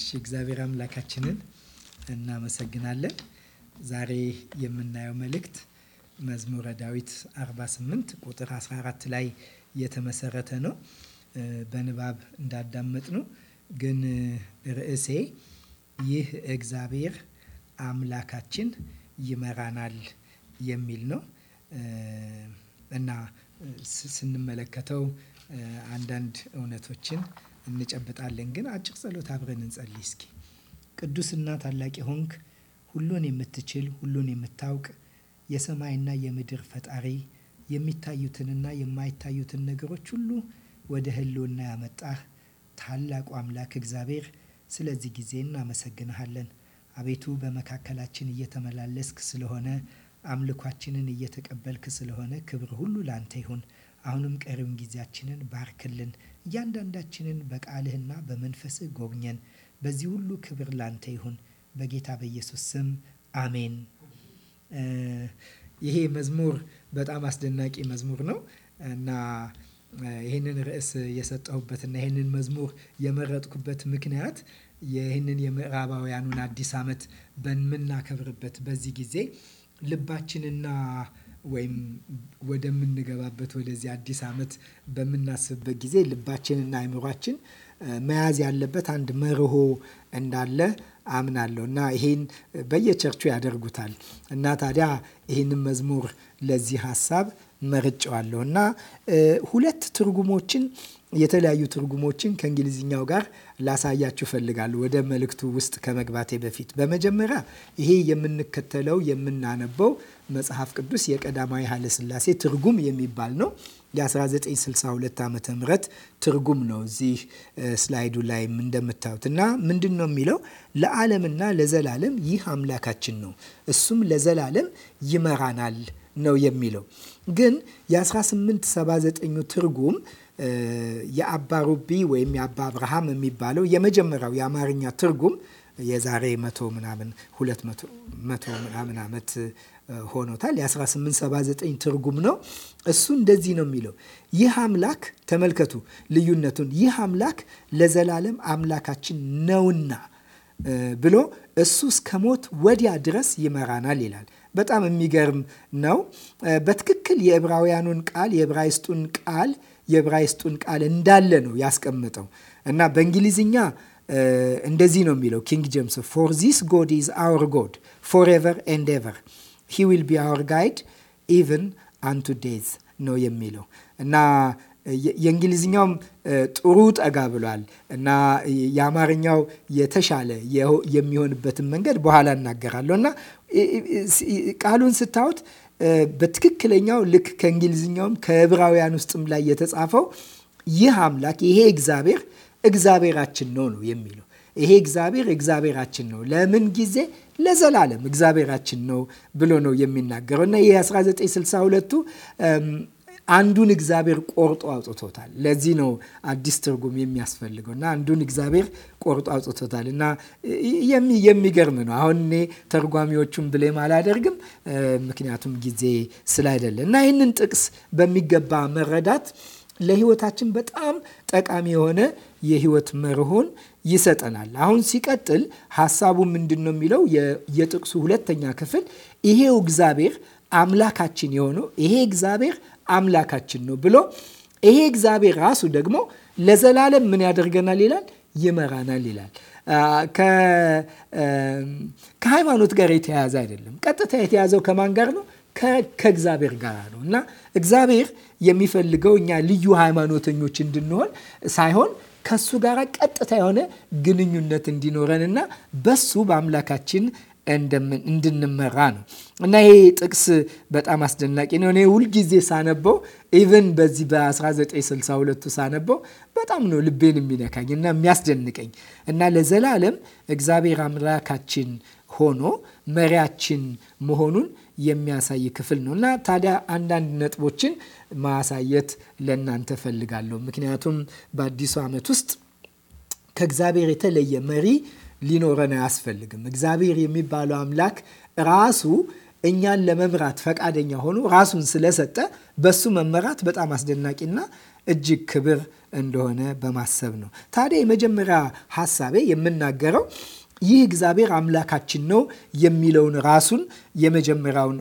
እሺ እግዚአብሔር አምላካችንን እናመሰግናለን። ዛሬ የምናየው መልእክት መዝሙረ ዳዊት 48 ቁጥር 14 ላይ የተመሰረተ ነው። በንባብ እንዳዳመጥ ነው ግን ርዕሴ ይህ እግዚአብሔር አምላካችን ይመራናል የሚል ነው እና ስንመለከተው አንዳንድ እውነቶችን እንጨብጣለን። ግን አጭር ጸሎት አብረን እንጸልይ እስኪ። ቅዱስና ታላቅ የሆንክ ሁሉን የምትችል ሁሉን የምታውቅ የሰማይና የምድር ፈጣሪ የሚታዩትንና የማይታዩትን ነገሮች ሁሉ ወደ ህልውና ያመጣህ ታላቁ አምላክ እግዚአብሔር ስለዚህ ጊዜ እናመሰግንሃለን። አቤቱ በመካከላችን እየተመላለስክ ስለሆነ አምልኳችንን እየተቀበልክ ስለሆነ ክብር ሁሉ ላንተ ይሁን። አሁንም ቀሪውን ጊዜያችንን ባርክልን። እያንዳንዳችንን በቃልህና በመንፈስህ ጎብኘን። በዚህ ሁሉ ክብር ላንተ ይሁን። በጌታ በኢየሱስ ስም አሜን። ይሄ መዝሙር በጣም አስደናቂ መዝሙር ነው እና ይህንን ርዕስ የሰጠሁበትና ይህንን መዝሙር የመረጥኩበት ምክንያት ይህንን የምዕራባውያኑን አዲስ ዓመት በምናከብርበት በዚህ ጊዜ ልባችንና ወይም ወደምንገባበት ወደዚህ አዲስ ዓመት በምናስብበት ጊዜ ልባችንና አይምሯችን መያዝ ያለበት አንድ መርሆ እንዳለ አምናለሁ እና ይሄን በየቸርቹ ያደርጉታል እና ታዲያ ይህንን መዝሙር ለዚህ ሀሳብ መርጨዋለሁ እና ሁለት ትርጉሞችን የተለያዩ ትርጉሞችን ከእንግሊዝኛው ጋር ላሳያችሁ እፈልጋለሁ ወደ መልእክቱ ውስጥ ከመግባቴ በፊት። በመጀመሪያ ይሄ የምንከተለው የምናነበው መጽሐፍ ቅዱስ የቀዳማዊ ኃይለሥላሴ ትርጉም የሚባል ነው። የ1962 ዓ ም ትርጉም ነው እዚህ ስላይዱ ላይ እንደምታዩት። እና ምንድን ነው የሚለው? ለዓለምና ለዘላለም ይህ አምላካችን ነው፣ እሱም ለዘላለም ይመራናል ነው የሚለው። ግን የ1879 ትርጉም የአባ ሩቢ ወይም የአባ አብርሃም የሚባለው የመጀመሪያው የአማርኛ ትርጉም የዛሬ መቶ ምናምን ሁለት መቶ ምናምን ዓመት ሆኖታል። የ1879 ትርጉም ነው። እሱ እንደዚህ ነው የሚለው ይህ አምላክ ተመልከቱ ልዩነቱን። ይህ አምላክ ለዘላለም አምላካችን ነውና ብሎ እሱ እስከ ሞት ወዲያ ድረስ ይመራናል ይላል። በጣም የሚገርም ነው። በትክክል የዕብራውያኑን ቃል የዕብራይስጡን ቃል የዕብራይስጡን ቃል እንዳለ ነው ያስቀመጠው እና በእንግሊዝኛ እንደዚህ ነው የሚለው ኪንግ ጄምስ ፎር ዚስ ጎድ ኢዝ አወር ጎድ ፎር ኤቨር ኤንድ ኤቨር ሂ ዊል ቢ አወር ጋይድ ኢቨን አንቱ ዴዝ ነው የሚለው እና የእንግሊዝኛውም ጥሩ ጠጋ ብሏል እና የአማርኛው የተሻለ የሚሆንበትን መንገድ በኋላ እናገራለሁ እና ቃሉን ስታዩት በትክክለኛው ልክ ከእንግሊዝኛውም ከዕብራውያን ውስጥም ላይ የተጻፈው ይህ አምላክ ይሄ እግዚአብሔር እግዚአብሔራችን ነው ነው የሚለው ይሄ እግዚአብሔር እግዚአብሔራችን ነው ለምን ጊዜ ለዘላለም እግዚአብሔራችን ነው ብሎ ነው የሚናገረው እና ይህ 1962ቱ አንዱን እግዚአብሔር ቆርጦ አውጥቶታል። ለዚህ ነው አዲስ ትርጉም የሚያስፈልገው እና አንዱን እግዚአብሔር ቆርጦ አውጥቶታል እና የሚገርም ነው። አሁን እኔ ተርጓሚዎቹን ብሌም አላደርግም፣ ምክንያቱም ጊዜ ስላይደለ እና ይህንን ጥቅስ በሚገባ መረዳት ለህይወታችን በጣም ጠቃሚ የሆነ የህይወት መርሆን ይሰጠናል። አሁን ሲቀጥል ሀሳቡ ምንድን ነው የሚለው የጥቅሱ ሁለተኛ ክፍል ይሄው እግዚአብሔር አምላካችን የሆነው ይሄ እግዚአብሔር አምላካችን ነው ብሎ ይሄ እግዚአብሔር ራሱ ደግሞ ለዘላለም ምን ያደርገናል ይላል፣ ይመራናል ይላል። ከሃይማኖት ጋር የተያያዘ አይደለም። ቀጥታ የተያዘው ከማን ጋር ነው? ከእግዚአብሔር ጋር ነው እና እግዚአብሔር የሚፈልገው እኛ ልዩ ሃይማኖተኞች እንድንሆን ሳይሆን ከሱ ጋር ቀጥታ የሆነ ግንኙነት እንዲኖረን እና በሱ በአምላካችን እንድንመራ ነው እና ይሄ ጥቅስ በጣም አስደናቂ ነው። እኔ ሁልጊዜ ሳነበው ኢቨን በዚህ በ1962 ሳነበው በጣም ነው ልቤን የሚነካኝ እና የሚያስደንቀኝ እና ለዘላለም እግዚአብሔር አምላካችን ሆኖ መሪያችን መሆኑን የሚያሳይ ክፍል ነው እና ታዲያ አንዳንድ ነጥቦችን ማሳየት ለእናንተ ፈልጋለሁ። ምክንያቱም በአዲሱ ዓመት ውስጥ ከእግዚአብሔር የተለየ መሪ ሊኖረን አያስፈልግም። እግዚአብሔር የሚባለው አምላክ ራሱ እኛን ለመምራት ፈቃደኛ ሆኖ ራሱን ስለሰጠ በሱ መመራት በጣም አስደናቂና እጅግ ክብር እንደሆነ በማሰብ ነው። ታዲያ የመጀመሪያ ሀሳቤ የምናገረው ይህ እግዚአብሔር አምላካችን ነው የሚለውን ራሱን የመጀመሪያውን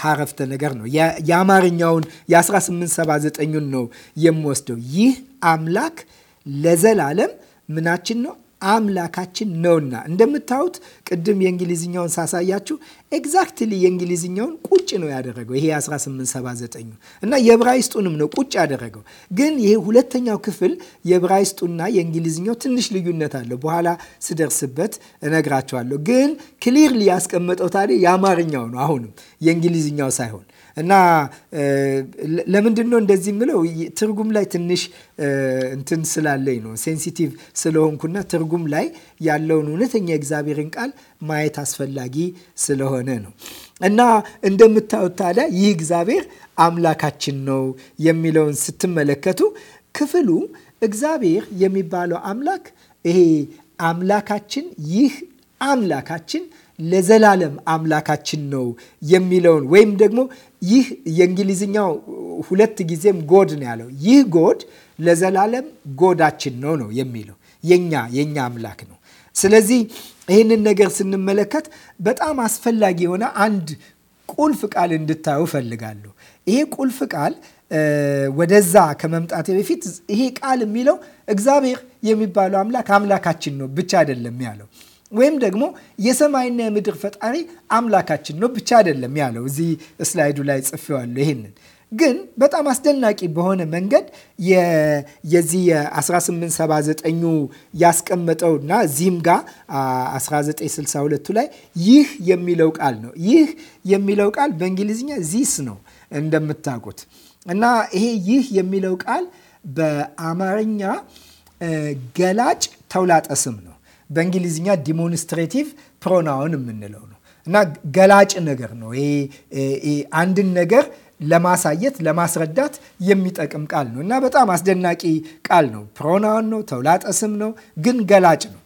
ሀረፍተ ነገር ነው። የአማርኛውን የ1879ን ነው የምወስደው። ይህ አምላክ ለዘላለም ምናችን ነው አምላካችን ነውና። እንደምታዩት ቅድም የእንግሊዝኛውን ሳሳያችሁ ኤግዛክትሊ የእንግሊዝኛውን ቁጭ ነው ያደረገው ይሄ 1879 እና የብራይስጡንም ነው ቁጭ ያደረገው። ግን ይሄ ሁለተኛው ክፍል የብራይስጡና የእንግሊዝኛው ትንሽ ልዩነት አለው። በኋላ ስደርስበት እነግራቸዋለሁ። ግን ክሊርሊ ያስቀመጠው ታዲያ የአማርኛው ነው አሁንም የእንግሊዝኛው ሳይሆን እና ለምንድን ነው እንደዚህ የምለው? ትርጉም ላይ ትንሽ እንትን ስላለኝ ነው ሴንሲቲቭ ስለሆንኩና ትርጉም ላይ ያለውን እውነተኛ የእግዚአብሔርን ቃል ማየት አስፈላጊ ስለሆነ ነው። እና እንደምታዩት ታዲያ ይህ እግዚአብሔር አምላካችን ነው የሚለውን ስትመለከቱ ክፍሉ እግዚአብሔር የሚባለው አምላክ ይሄ አምላካችን ይህ አምላካችን ለዘላለም አምላካችን ነው የሚለውን ወይም ደግሞ ይህ የእንግሊዝኛው ሁለት ጊዜም ጎድ ነው ያለው። ይህ ጎድ ለዘላለም ጎዳችን ነው ነው የሚለው የኛ የኛ አምላክ ነው ስለዚህ ይህንን ነገር ስንመለከት በጣም አስፈላጊ የሆነ አንድ ቁልፍ ቃል እንድታዩ እፈልጋለሁ። ይሄ ቁልፍ ቃል ወደዛ ከመምጣቴ በፊት ይሄ ቃል የሚለው እግዚአብሔር የሚባለው አምላክ አምላካችን ነው ብቻ አይደለም ያለው ወይም ደግሞ የሰማይና የምድር ፈጣሪ አምላካችን ነው ብቻ አይደለም ያለው። እዚህ ስላይዱ ላይ ጽፌዋለሁ። ይሄንን ግን በጣም አስደናቂ በሆነ መንገድ የዚህ የ1879 እና እዚህም ጋር 1962 ላይ ይህ የሚለው ቃል ነው። ይህ የሚለው ቃል በእንግሊዝኛ ዚስ ነው እንደምታውቁት እና ይሄ ይህ የሚለው ቃል በአማርኛ ገላጭ ተውላጠ ስም ነው። በእንግሊዝኛ ዲሞንስትሬቲቭ ፕሮናውን የምንለው ነው እና ገላጭ ነገር ነው። አንድን ነገር ለማሳየት ለማስረዳት የሚጠቅም ቃል ነው እና በጣም አስደናቂ ቃል ነው። ፕሮናውን ነው፣ ተውላጠ ስም ነው፣ ግን ገላጭ ነው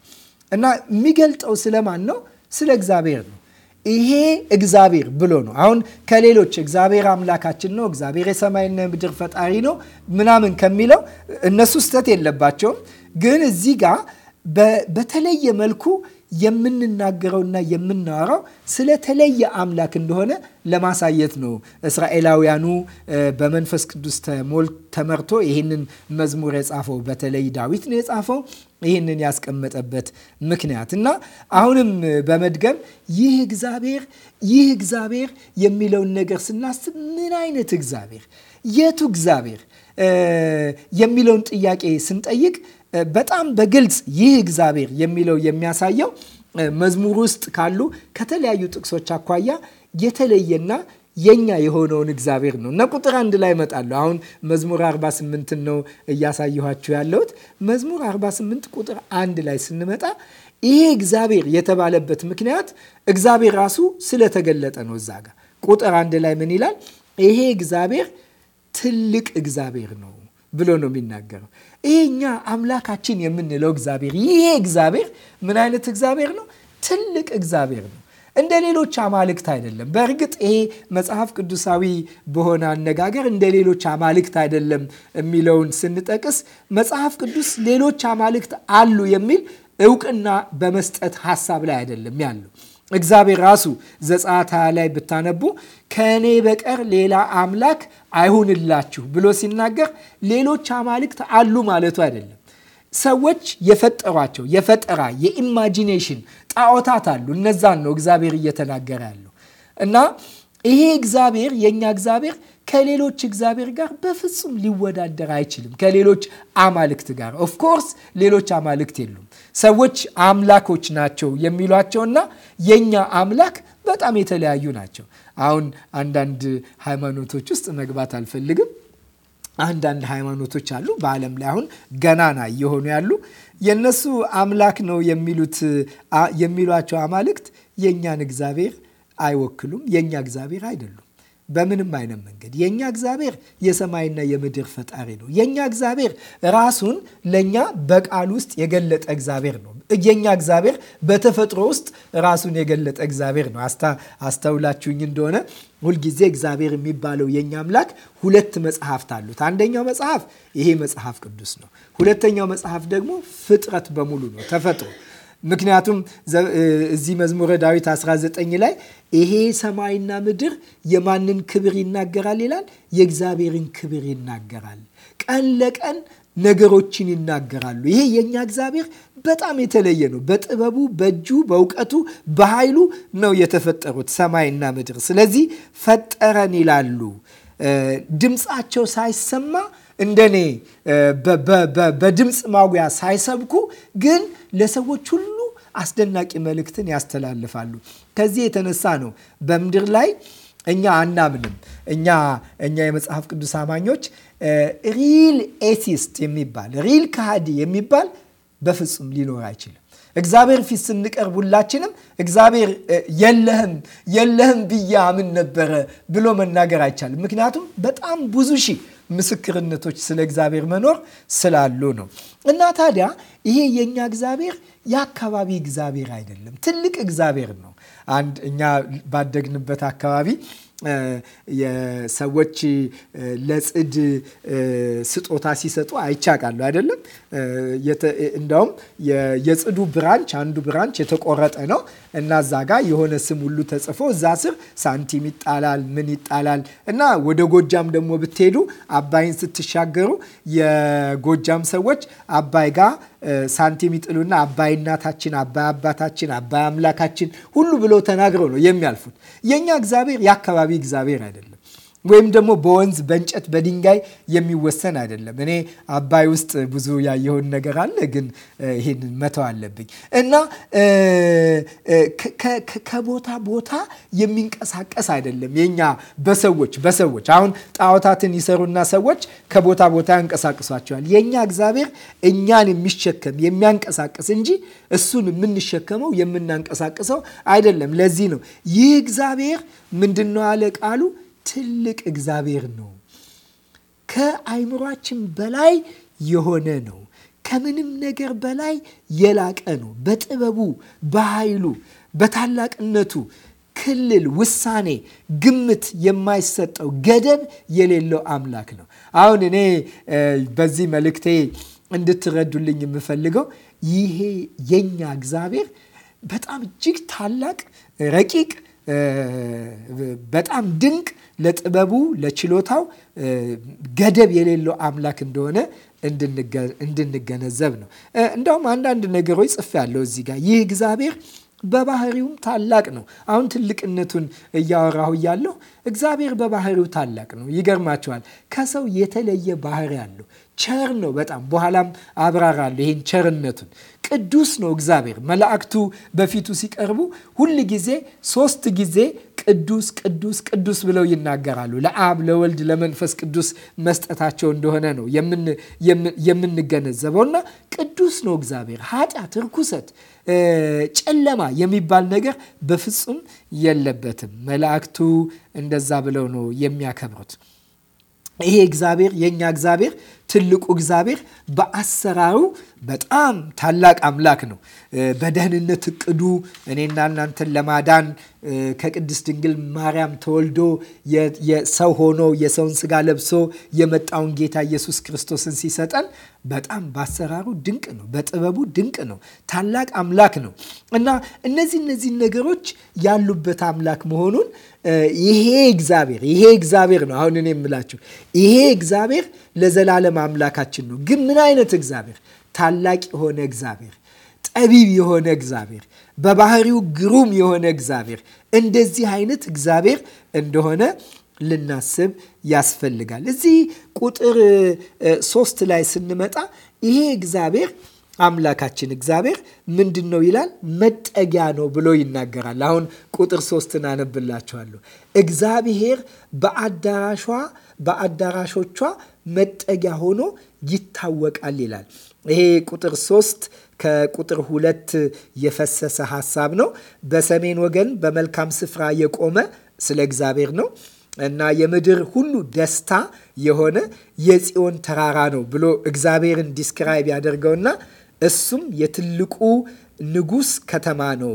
እና የሚገልጠው ስለማን ነው? ስለ እግዚአብሔር ነው። ይሄ እግዚአብሔር ብሎ ነው። አሁን ከሌሎች እግዚአብሔር አምላካችን ነው፣ እግዚአብሔር የሰማይና ምድር ፈጣሪ ነው ምናምን ከሚለው እነሱ ስህተት የለባቸውም። ግን እዚህ ጋር በተለየ መልኩ የምንናገረውና የምናወራው ስለተለየ አምላክ እንደሆነ ለማሳየት ነው። እስራኤላውያኑ በመንፈስ ቅዱስ ተሞል ተመርቶ ይህንን መዝሙር የጻፈው በተለይ ዳዊት ነው የጻፈው ይህንን ያስቀመጠበት ምክንያት እና አሁንም በመድገም ይህ እግዚአብሔር ይህ እግዚአብሔር የሚለውን ነገር ስናስብ ምን አይነት እግዚአብሔር የቱ እግዚአብሔር የሚለውን ጥያቄ ስንጠይቅ በጣም በግልጽ ይህ እግዚአብሔር የሚለው የሚያሳየው መዝሙር ውስጥ ካሉ ከተለያዩ ጥቅሶች አኳያ የተለየና የኛ የሆነውን እግዚአብሔር ነው እና ቁጥር አንድ ላይ እመጣለሁ። አሁን መዝሙር 48ን ነው እያሳየኋችሁ ያለሁት። መዝሙር 48 ቁጥር አንድ ላይ ስንመጣ ይሄ እግዚአብሔር የተባለበት ምክንያት እግዚአብሔር ራሱ ስለተገለጠ ነው። እዛ ጋር ቁጥር አንድ ላይ ምን ይላል? ይሄ እግዚአብሔር ትልቅ እግዚአብሔር ነው ብሎ ነው የሚናገረው። ይሄኛ አምላካችን የምንለው እግዚአብሔር ይሄ እግዚአብሔር ምን አይነት እግዚአብሔር ነው? ትልቅ እግዚአብሔር ነው። እንደ ሌሎች አማልክት አይደለም። በእርግጥ ይሄ መጽሐፍ ቅዱሳዊ በሆነ አነጋገር እንደ ሌሎች አማልክት አይደለም የሚለውን ስንጠቅስ መጽሐፍ ቅዱስ ሌሎች አማልክት አሉ የሚል እውቅና በመስጠት ሀሳብ ላይ አይደለም ያለው እግዚአብሔር ራሱ ዘጸአት ላይ ብታነቡ ከእኔ በቀር ሌላ አምላክ አይሁንላችሁ ብሎ ሲናገር ሌሎች አማልክት አሉ ማለቱ አይደለም። ሰዎች የፈጠሯቸው የፈጠራ የኢማጂኔሽን ጣዖታት አሉ። እነዛን ነው እግዚአብሔር እየተናገረ ያለው እና ይሄ እግዚአብሔር የእኛ እግዚአብሔር ከሌሎች እግዚአብሔር ጋር በፍጹም ሊወዳደር አይችልም። ከሌሎች አማልክት ጋር ኦፍኮርስ ሌሎች አማልክት የሉም ሰዎች አምላኮች ናቸው የሚሏቸውና የእኛ አምላክ በጣም የተለያዩ ናቸው። አሁን አንዳንድ ሃይማኖቶች ውስጥ መግባት አልፈልግም። አንዳንድ ሃይማኖቶች አሉ በዓለም ላይ አሁን ገናና እየሆኑ ያሉ የእነሱ አምላክ ነው የሚሉት የሚሏቸው አማልክት የእኛን እግዚአብሔር አይወክሉም። የእኛ እግዚአብሔር አይደሉም። በምንም አይነት መንገድ የእኛ እግዚአብሔር የሰማይና የምድር ፈጣሪ ነው። የእኛ እግዚአብሔር ራሱን ለእኛ በቃል ውስጥ የገለጠ እግዚአብሔር ነው። የእኛ እግዚአብሔር በተፈጥሮ ውስጥ ራሱን የገለጠ እግዚአብሔር ነው። አስተውላችሁኝ እንደሆነ ሁልጊዜ እግዚአብሔር የሚባለው የእኛ አምላክ ሁለት መጽሐፍት አሉት። አንደኛው መጽሐፍ ይሄ መጽሐፍ ቅዱስ ነው። ሁለተኛው መጽሐፍ ደግሞ ፍጥረት በሙሉ ነው፣ ተፈጥሮ ምክንያቱም እዚህ መዝሙረ ዳዊት 19 ላይ ይሄ ሰማይና ምድር የማንን ክብር ይናገራል ይላል? የእግዚአብሔርን ክብር ይናገራል። ቀን ለቀን ነገሮችን ይናገራሉ። ይሄ የእኛ እግዚአብሔር በጣም የተለየ ነው። በጥበቡ፣ በእጁ፣ በእውቀቱ፣ በኃይሉ ነው የተፈጠሩት ሰማይና ምድር። ስለዚህ ፈጠረን ይላሉ ድምፃቸው ሳይሰማ እንደኔ በድምፅ ማጉያ ሳይሰብኩ ግን ለሰዎች ሁሉ አስደናቂ መልእክትን ያስተላልፋሉ። ከዚህ የተነሳ ነው በምድር ላይ እኛ አናምንም። እኛ እኛ የመጽሐፍ ቅዱስ አማኞች ሪል ኤቲስት የሚባል ሪል ካሃዲ የሚባል በፍጹም ሊኖር አይችልም። እግዚአብሔር ፊት ስንቀርብ ሁላችንም እግዚአብሔር የለህም የለህም ብዬ አምን ነበረ ብሎ መናገር አይቻልም። ምክንያቱም በጣም ብዙ ሺህ ምስክርነቶች ስለ እግዚአብሔር መኖር ስላሉ ነው። እና ታዲያ ይሄ የእኛ እግዚአብሔር የአካባቢ እግዚአብሔር አይደለም፣ ትልቅ እግዚአብሔር ነው። አንድ እኛ ባደግንበት አካባቢ የሰዎች ለጽድ ስጦታ ሲሰጡ አይቻቃሉ አይደለም። እንደውም የጽዱ ብራንች አንዱ ብራንች የተቆረጠ ነው እና እዛ ጋ የሆነ ስም ሁሉ ተጽፎ እዛ ስር ሳንቲም ይጣላል፣ ምን ይጣላል እና ወደ ጎጃም ደግሞ ብትሄዱ አባይን ስትሻገሩ የጎጃም ሰዎች አባይ ጋር ሳንቲም ይጥሉና አባይ እናታችን፣ አባይ አባታችን፣ አባይ አምላካችን ሁሉ ብሎ ተናግረው ነው የሚያልፉት። የእኛ እግዚአብሔር የአካባቢ እግዚአብሔር አይደለም። ወይም ደግሞ በወንዝ በእንጨት በድንጋይ የሚወሰን አይደለም። እኔ አባይ ውስጥ ብዙ ያየውን ነገር አለ፣ ግን ይህን መተው አለብኝ እና ከቦታ ቦታ የሚንቀሳቀስ አይደለም። የኛ በሰዎች በሰዎች አሁን ጣዖታትን ይሰሩና ሰዎች ከቦታ ቦታ ያንቀሳቅሷቸዋል። የእኛ እግዚአብሔር እኛን የሚሸከም የሚያንቀሳቅስ እንጂ እሱን የምንሸከመው የምናንቀሳቅሰው አይደለም። ለዚህ ነው ይህ እግዚአብሔር ምንድን ነው አለ ቃሉ ትልቅ እግዚአብሔር ነው። ከአይምሯችን በላይ የሆነ ነው። ከምንም ነገር በላይ የላቀ ነው። በጥበቡ፣ በኃይሉ፣ በታላቅነቱ ክልል፣ ውሳኔ፣ ግምት የማይሰጠው ገደብ የሌለው አምላክ ነው። አሁን እኔ በዚህ መልእክቴ እንድትረዱልኝ የምፈልገው ይሄ የኛ እግዚአብሔር በጣም እጅግ ታላቅ ረቂቅ በጣም ድንቅ ለጥበቡ ለችሎታው ገደብ የሌለው አምላክ እንደሆነ እንድንገነዘብ ነው። እንደውም አንዳንድ ነገሮች ጽፌ ያለው እዚህ ጋር ይህ እግዚአብሔር በባህሪውም ታላቅ ነው። አሁን ትልቅነቱን እያወራሁ እያለሁ እግዚአብሔር በባህሪው ታላቅ ነው። ይገርማቸዋል። ከሰው የተለየ ባህሪ አለው። ቸር ነው በጣም በኋላም አብራራለሁ ይህን ቸርነቱን። ቅዱስ ነው እግዚአብሔር። መላእክቱ በፊቱ ሲቀርቡ ሁል ጊዜ ሶስት ጊዜ ቅዱስ ቅዱስ ቅዱስ ብለው ይናገራሉ። ለአብ ለወልድ ለመንፈስ ቅዱስ መስጠታቸው እንደሆነ ነው የምንገነዘበው። እና ቅዱስ ነው እግዚአብሔር። ኃጢአት፣ ርኩሰት፣ ጨለማ የሚባል ነገር በፍጹም የለበትም። መላእክቱ እንደዛ ብለው ነው የሚያከብሩት። ይሄ እግዚአብሔር የእኛ እግዚአብሔር ትልቁ እግዚአብሔር በአሰራሩ በጣም ታላቅ አምላክ ነው። በደህንነት እቅዱ እኔና እናንተን ለማዳን ከቅድስት ድንግል ማርያም ተወልዶ ሰው ሆኖ የሰውን ስጋ ለብሶ የመጣውን ጌታ ኢየሱስ ክርስቶስን ሲሰጠን በጣም በአሰራሩ ድንቅ ነው። በጥበቡ ድንቅ ነው። ታላቅ አምላክ ነው እና እነዚህ እነዚህ ነገሮች ያሉበት አምላክ መሆኑን ይሄ እግዚአብሔር ይሄ እግዚአብሔር ነው። አሁን እኔ የምላችሁ ይሄ እግዚአብሔር ለዘላለም አምላካችን ነው። ግን ምን አይነት እግዚአብሔር? ታላቅ የሆነ እግዚአብሔር፣ ጠቢብ የሆነ እግዚአብሔር፣ በባህሪው ግሩም የሆነ እግዚአብሔር እንደዚህ አይነት እግዚአብሔር እንደሆነ ልናስብ ያስፈልጋል። እዚህ ቁጥር ሶስት ላይ ስንመጣ ይሄ እግዚአብሔር አምላካችን እግዚአብሔር ምንድን ነው ይላል? መጠጊያ ነው ብሎ ይናገራል። አሁን ቁጥር ሶስትን አነብላችኋለሁ። እግዚአብሔር በአዳራሿ በአዳራሾቿ መጠጊያ ሆኖ ይታወቃል ይላል። ይሄ ቁጥር ሶስት ከቁጥር ሁለት የፈሰሰ ሀሳብ ነው። በሰሜን ወገን በመልካም ስፍራ የቆመ ስለ እግዚአብሔር ነው። እና የምድር ሁሉ ደስታ የሆነ የጽዮን ተራራ ነው ብሎ እግዚአብሔርን ዲስክራይብ ያደርገውና እሱም የትልቁ ንጉስ ከተማ ነው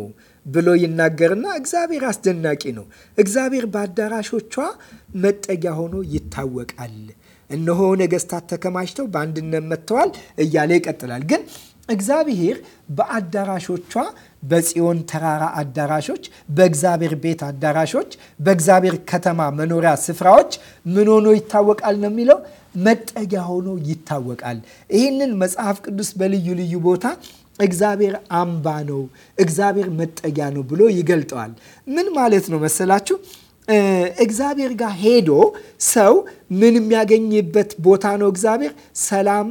ብሎ ይናገርና እግዚአብሔር አስደናቂ ነው። እግዚአብሔር በአዳራሾቿ መጠጊያ ሆኖ ይታወቃል። እነሆ ነገስታት ተከማችተው በአንድነት መጥተዋል እያለ ይቀጥላል። ግን እግዚአብሔር በአዳራሾቿ በጽዮን ተራራ አዳራሾች፣ በእግዚአብሔር ቤት አዳራሾች፣ በእግዚአብሔር ከተማ መኖሪያ ስፍራዎች ምን ሆኖ ይታወቃል ነው የሚለው መጠጊያ ሆኖ ይታወቃል። ይህንን መጽሐፍ ቅዱስ በልዩ ልዩ ቦታ እግዚአብሔር አምባ ነው፣ እግዚአብሔር መጠጊያ ነው ብሎ ይገልጠዋል። ምን ማለት ነው መሰላችሁ? እግዚአብሔር ጋር ሄዶ ሰው ምን የሚያገኝበት ቦታ ነው? እግዚአብሔር ሰላም፣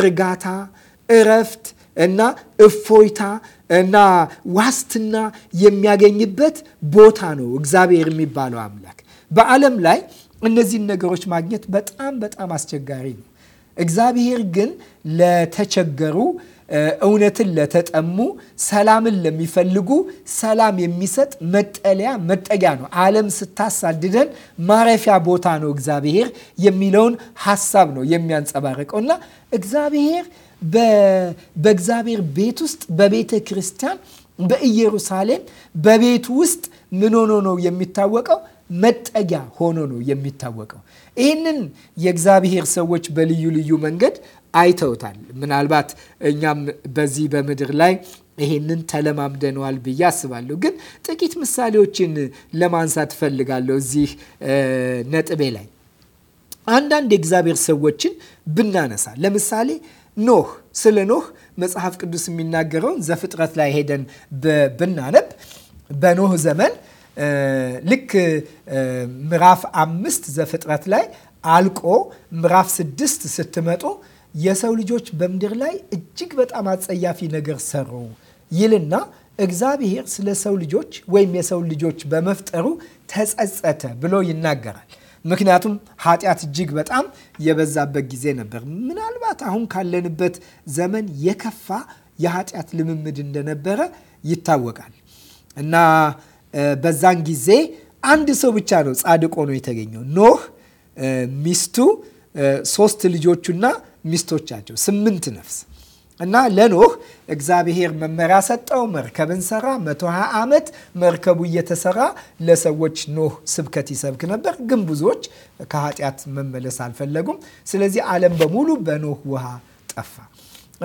እርጋታ፣ እረፍት እና እፎይታ እና ዋስትና የሚያገኝበት ቦታ ነው እግዚአብሔር የሚባለው አምላክ። በዓለም ላይ እነዚህን ነገሮች ማግኘት በጣም በጣም አስቸጋሪ ነው። እግዚአብሔር ግን ለተቸገሩ፣ እውነትን ለተጠሙ፣ ሰላምን ለሚፈልጉ ሰላም የሚሰጥ መጠለያ መጠጊያ ነው። ዓለም ስታሳድደን ማረፊያ ቦታ ነው እግዚአብሔር የሚለውን ሀሳብ ነው የሚያንጸባርቀው እና እግዚአብሔር በእግዚአብሔር ቤት ውስጥ በቤተ ክርስቲያን በኢየሩሳሌም በቤት ውስጥ ምን ሆኖ ነው የሚታወቀው? መጠጊያ ሆኖ ነው የሚታወቀው። ይህንን የእግዚአብሔር ሰዎች በልዩ ልዩ መንገድ አይተውታል። ምናልባት እኛም በዚህ በምድር ላይ ይሄንን ተለማምደነዋል ብዬ አስባለሁ። ግን ጥቂት ምሳሌዎችን ለማንሳት እፈልጋለሁ እዚህ ነጥቤ ላይ አንዳንድ የእግዚአብሔር ሰዎችን ብናነሳ ለምሳሌ ኖህ ስለ ኖህ መጽሐፍ ቅዱስ የሚናገረውን ዘፍጥረት ላይ ሄደን ብናነብ በኖህ ዘመን ልክ ምዕራፍ አምስት ዘፍጥረት ላይ አልቆ ምዕራፍ ስድስት ስትመጡ የሰው ልጆች በምድር ላይ እጅግ በጣም አጸያፊ ነገር ሰሩ ይልና እግዚአብሔር ስለ ሰው ልጆች ወይም የሰው ልጆች በመፍጠሩ ተጸጸተ ብሎ ይናገራል። ምክንያቱም ኃጢአት እጅግ በጣም የበዛበት ጊዜ ነበር። ምናልባት አሁን ካለንበት ዘመን የከፋ የኃጢአት ልምምድ እንደነበረ ይታወቃል እና በዛን ጊዜ አንድ ሰው ብቻ ነው ጻድቅ ሆኖ የተገኘው ኖህ፣ ሚስቱ፣ ሶስት ልጆቹና ሚስቶቻቸው ስምንት ነፍስ እና ለኖህ እግዚአብሔር መመሪያ ሰጠው። መርከብን ሰራ። 120 ዓመት መርከቡ እየተሰራ ለሰዎች ኖህ ስብከት ይሰብክ ነበር፣ ግን ብዙዎች ከኃጢአት መመለስ አልፈለጉም። ስለዚህ ዓለም በሙሉ በኖህ ውሃ ጠፋ።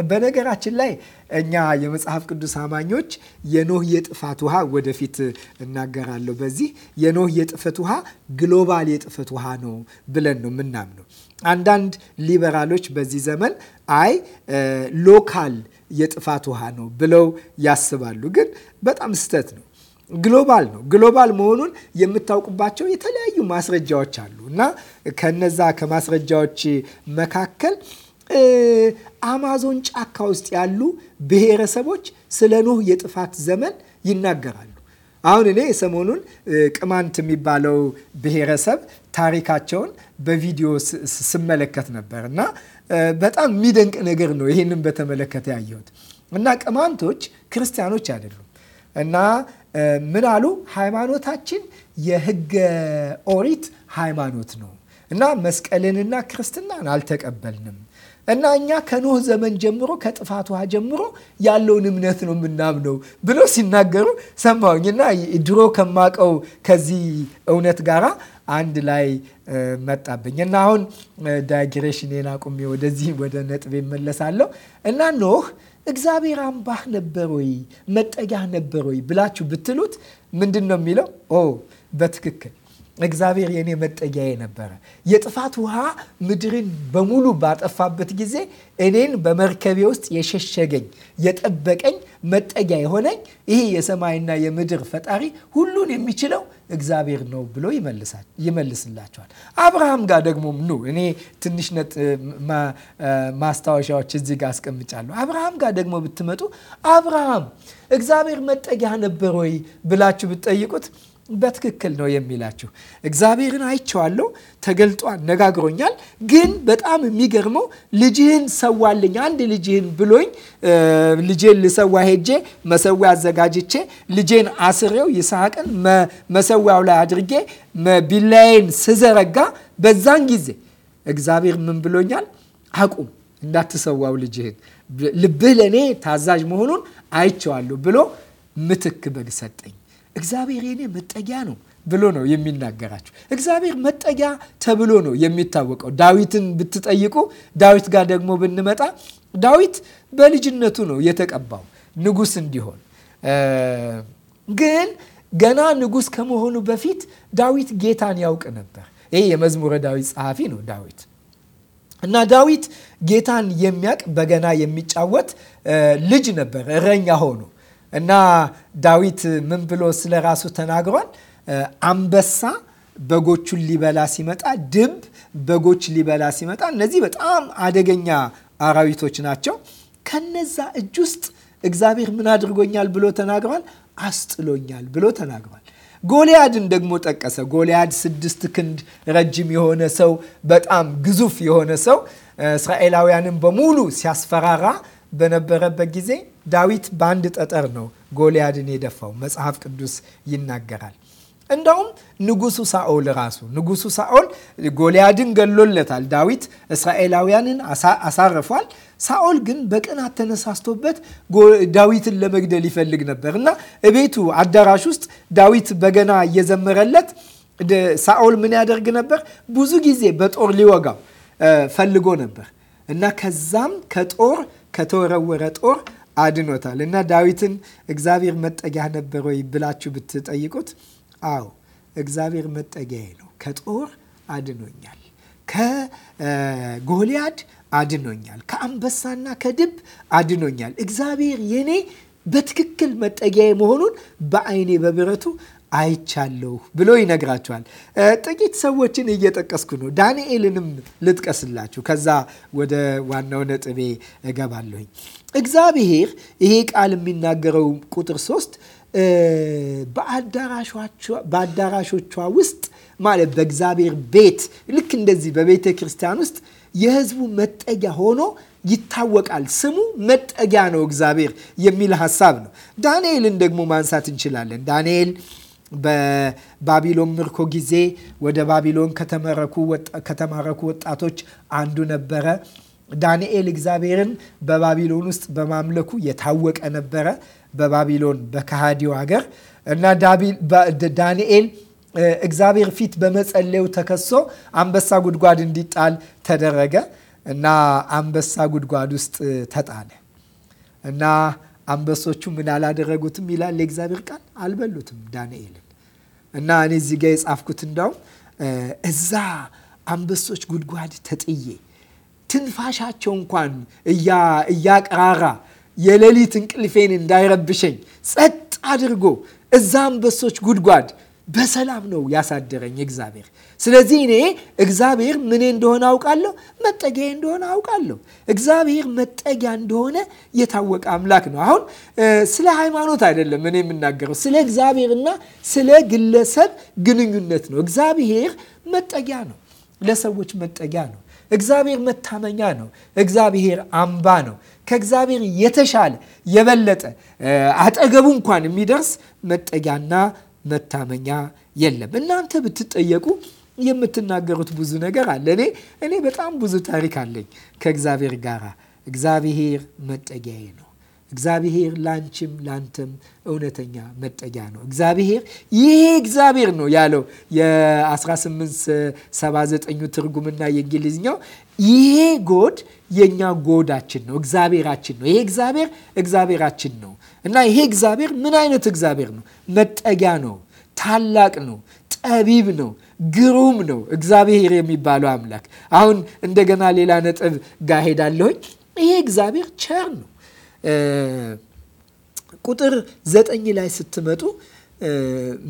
በነገራችን ላይ እኛ የመጽሐፍ ቅዱስ አማኞች የኖህ የጥፋት ውሃ ወደፊት እናገራለሁ በዚህ የኖህ የጥፈት ውሃ ግሎባል የጥፈት ውሃ ነው ብለን ነው የምናምነው አንዳንድ ሊበራሎች በዚህ ዘመን አይ ሎካል የጥፋት ውሃ ነው ብለው ያስባሉ። ግን በጣም ስህተት ነው። ግሎባል ነው። ግሎባል መሆኑን የምታውቁባቸው የተለያዩ ማስረጃዎች አሉ እና ከነዛ ከማስረጃዎች መካከል አማዞን ጫካ ውስጥ ያሉ ብሔረሰቦች ስለ ኖህ የጥፋት ዘመን ይናገራሉ። አሁን እኔ ሰሞኑን ቅማንት የሚባለው ብሔረሰብ ታሪካቸውን በቪዲዮ ስመለከት ነበር እና በጣም የሚደንቅ ነገር ነው ይህንን በተመለከተ ያየሁት እና ቅማንቶች ክርስቲያኖች አይደሉም እና ምን አሉ ሃይማኖታችን የህገ ኦሪት ሃይማኖት ነው እና መስቀልንና ክርስትናን አልተቀበልንም እና እኛ ከኖህ ዘመን ጀምሮ ከጥፋት ውሃ ጀምሮ ያለውን እምነት ነው የምናምነው ብሎ ሲናገሩ ሰማሁኝ እና ድሮ ከማቀው ከዚህ እውነት ጋር አንድ ላይ መጣብኝ እና አሁን ዳይግሬሽኔን አቁሜ ወደዚህ ወደ ነጥቤ እመለሳለሁ እና ኖህ እግዚአብሔር አምባህ ነበር ወይ መጠጊያ ነበር ወይ ብላችሁ ብትሉት ምንድን ነው የሚለው ኦ በትክክል እግዚአብሔር የኔ መጠጊያዬ ነበረ። የጥፋት ውሃ ምድርን በሙሉ ባጠፋበት ጊዜ እኔን በመርከቤ ውስጥ የሸሸገኝ፣ የጠበቀኝ፣ መጠጊያ የሆነኝ ይህ የሰማይና የምድር ፈጣሪ ሁሉን የሚችለው እግዚአብሔር ነው ብሎ ይመልስላቸዋል። አብርሃም ጋር ደግሞ ኑ እኔ ትንሽ ነጥ ማስታወሻዎች እዚህ ጋር አስቀምጫለሁ። አብርሃም ጋር ደግሞ ብትመጡ አብርሃም እግዚአብሔር መጠጊያ ነበር ወይ ብላችሁ ብትጠይቁት በትክክል ነው የሚላችሁ። እግዚአብሔርን አይቼዋለሁ፣ ተገልጦ አነጋግሮኛል። ግን በጣም የሚገርመው ልጅህን ሰዋልኝ፣ አንድ ልጅህን ብሎኝ ልጄን ልሰዋ ሄጄ መሰዊያ አዘጋጅቼ ልጄን አስሬው ይስሐቅን መሰዊያው ላይ አድርጌ ቢላዬን ስዘረጋ በዛን ጊዜ እግዚአብሔር ምን ብሎኛል? አቁም እንዳትሰዋው ልጅህን፣ ልብህ ለእኔ ታዛዥ መሆኑን አይቼዋለሁ ብሎ ምትክ በግ ሰጠኝ። እግዚአብሔር የኔ መጠጊያ ነው ብሎ ነው የሚናገራችሁ። እግዚአብሔር መጠጊያ ተብሎ ነው የሚታወቀው። ዳዊትን ብትጠይቁ፣ ዳዊት ጋር ደግሞ ብንመጣ ዳዊት በልጅነቱ ነው የተቀባው ንጉስ እንዲሆን። ግን ገና ንጉስ ከመሆኑ በፊት ዳዊት ጌታን ያውቅ ነበር። ይህ የመዝሙረ ዳዊት ጸሐፊ ነው ዳዊት እና ዳዊት ጌታን የሚያውቅ በገና የሚጫወት ልጅ ነበር እረኛ ሆኖ እና ዳዊት ምን ብሎ ስለ ራሱ ተናግሯል? አንበሳ በጎቹን ሊበላ ሲመጣ፣ ድብ በጎች ሊበላ ሲመጣ፣ እነዚህ በጣም አደገኛ አራዊቶች ናቸው። ከነዛ እጅ ውስጥ እግዚአብሔር ምን አድርጎኛል ብሎ ተናግሯል? አስጥሎኛል ብሎ ተናግሯል። ጎልያድን ደግሞ ጠቀሰ። ጎልያድ ስድስት ክንድ ረጅም የሆነ ሰው፣ በጣም ግዙፍ የሆነ ሰው እስራኤላውያንን በሙሉ ሲያስፈራራ በነበረበት ጊዜ ዳዊት በአንድ ጠጠር ነው ጎልያድን የደፋው መጽሐፍ ቅዱስ ይናገራል። እንደውም ንጉሱ ሳኦል ራሱ ንጉሱ ሳኦል ጎልያድን ገሎለታል። ዳዊት እስራኤላውያንን አሳርፏል። ሳኦል ግን በቅናት ተነሳስቶበት ዳዊትን ለመግደል ይፈልግ ነበር እና እቤቱ አዳራሽ ውስጥ ዳዊት በገና እየዘመረለት ሳኦል ምን ያደርግ ነበር? ብዙ ጊዜ በጦር ሊወጋው ፈልጎ ነበር እና ከዛም ከጦር ከተወረወረ ጦር አድኖታል። እና ዳዊትን እግዚአብሔር መጠጊያ ነበር ወይ ብላችሁ ብትጠይቁት፣ አዎ እግዚአብሔር መጠጊያዬ ነው፣ ከጦር አድኖኛል፣ ከጎልያድ አድኖኛል፣ ከአንበሳና ከድብ አድኖኛል። እግዚአብሔር የኔ በትክክል መጠጊያዬ መሆኑን በአይኔ በብረቱ አይቻለሁ ብሎ ይነግራቸዋል። ጥቂት ሰዎችን እየጠቀስኩ ነው። ዳንኤልንም ልጥቀስላችሁ፣ ከዛ ወደ ዋናው ነጥቤ እገባለሁኝ። እግዚአብሔር ይሄ ቃል የሚናገረው ቁጥር ሶስት በአዳራሾቿ ውስጥ ማለት በእግዚአብሔር ቤት ልክ እንደዚህ በቤተ ክርስቲያን ውስጥ የህዝቡ መጠጊያ ሆኖ ይታወቃል። ስሙ መጠጊያ ነው እግዚአብሔር የሚል ሀሳብ ነው። ዳንኤልን ደግሞ ማንሳት እንችላለን። ዳንኤል በባቢሎን ምርኮ ጊዜ ወደ ባቢሎን ከተማረኩ ወጣቶች አንዱ ነበረ። ዳንኤል እግዚአብሔርን በባቢሎን ውስጥ በማምለኩ የታወቀ ነበረ። በባቢሎን በካሃዲው ሀገር እና ዳንኤል እግዚአብሔር ፊት በመጸለዩ ተከሶ አንበሳ ጉድጓድ እንዲጣል ተደረገ እና አንበሳ ጉድጓድ ውስጥ ተጣለ እና አንበሶቹ ምን አላደረጉትም ይላል የእግዚአብሔር ቃል፣ አልበሉትም ዳንኤል እና እኔ እዚህ ጋር የጻፍኩት እንዳውም እዛ አንበሶች ጉድጓድ ተጥዬ ትንፋሻቸው እንኳን እያቀራራ የሌሊት እንቅልፌን እንዳይረብሸኝ ጸጥ አድርጎ እዛ አንበሶች ጉድጓድ በሰላም ነው ያሳደረኝ እግዚአብሔር። ስለዚህ እኔ እግዚአብሔር ምን እንደሆነ አውቃለሁ፣ መጠጊያ እንደሆነ አውቃለሁ። እግዚአብሔር መጠጊያ እንደሆነ የታወቀ አምላክ ነው። አሁን ስለ ሃይማኖት አይደለም እኔ የምናገረው፣ ስለ እግዚአብሔርና ስለ ግለሰብ ግንኙነት ነው። እግዚአብሔር መጠጊያ ነው፣ ለሰዎች መጠጊያ ነው። እግዚአብሔር መታመኛ ነው። እግዚአብሔር አምባ ነው። ከእግዚአብሔር የተሻለ የበለጠ አጠገቡ እንኳን የሚደርስ መጠጊያና መታመኛ የለም። እናንተ ብትጠየቁ የምትናገሩት ብዙ ነገር አለ። እኔ እኔ በጣም ብዙ ታሪክ አለኝ ከእግዚአብሔር ጋር። እግዚአብሔር መጠጊያዬ ነው። እግዚአብሔር ላንቺም ላንተም እውነተኛ መጠጊያ ነው። እግዚአብሔር ይሄ እግዚአብሔር ነው ያለው የ1879 ትርጉምና የእንግሊዝኛው ይሄ ጎድ የእኛ ጎዳችን ነው፣ እግዚአብሔራችን ነው። ይሄ እግዚአብሔር እግዚአብሔራችን ነው እና ይሄ እግዚአብሔር ምን አይነት እግዚአብሔር ነው? መጠጊያ ነው፣ ታላቅ ነው፣ ጠቢብ ነው ግሩም ነው እግዚአብሔር የሚባለው አምላክ። አሁን እንደገና ሌላ ነጥብ ጋር ሄዳለሁኝ። ይሄ እግዚአብሔር ቸር ነው። ቁጥር ዘጠኝ ላይ ስትመጡ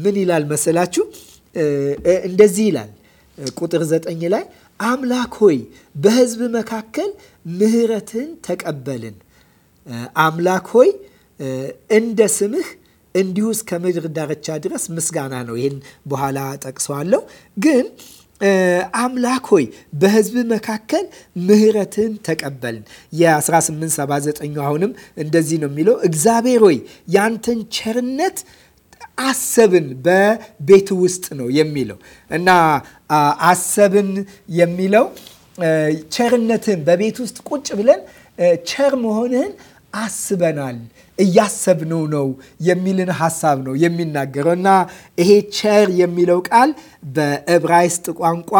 ምን ይላል መሰላችሁ? እንደዚህ ይላል ቁጥር ዘጠኝ ላይ አምላክ ሆይ በሕዝብ መካከል ምህረትን ተቀበልን። አምላክ ሆይ እንደ ስምህ እንዲሁ እስከ ምድር ዳርቻ ድረስ ምስጋና ነው። ይህን በኋላ ጠቅሰዋለሁ ግን አምላክ ሆይ በህዝብ መካከል ምህረትን ተቀበልን። የ1879 አሁንም እንደዚህ ነው የሚለው እግዚአብሔር ሆይ ያንተን ቸርነት አሰብን በቤት ውስጥ ነው የሚለው እና አሰብን የሚለው ቸርነትን በቤት ውስጥ ቁጭ ብለን ቸር መሆንህን አስበናል እያሰብነው ነው የሚልን ሀሳብ ነው የሚናገረው እና ይሄ ቸር የሚለው ቃል በዕብራይስጥ ቋንቋ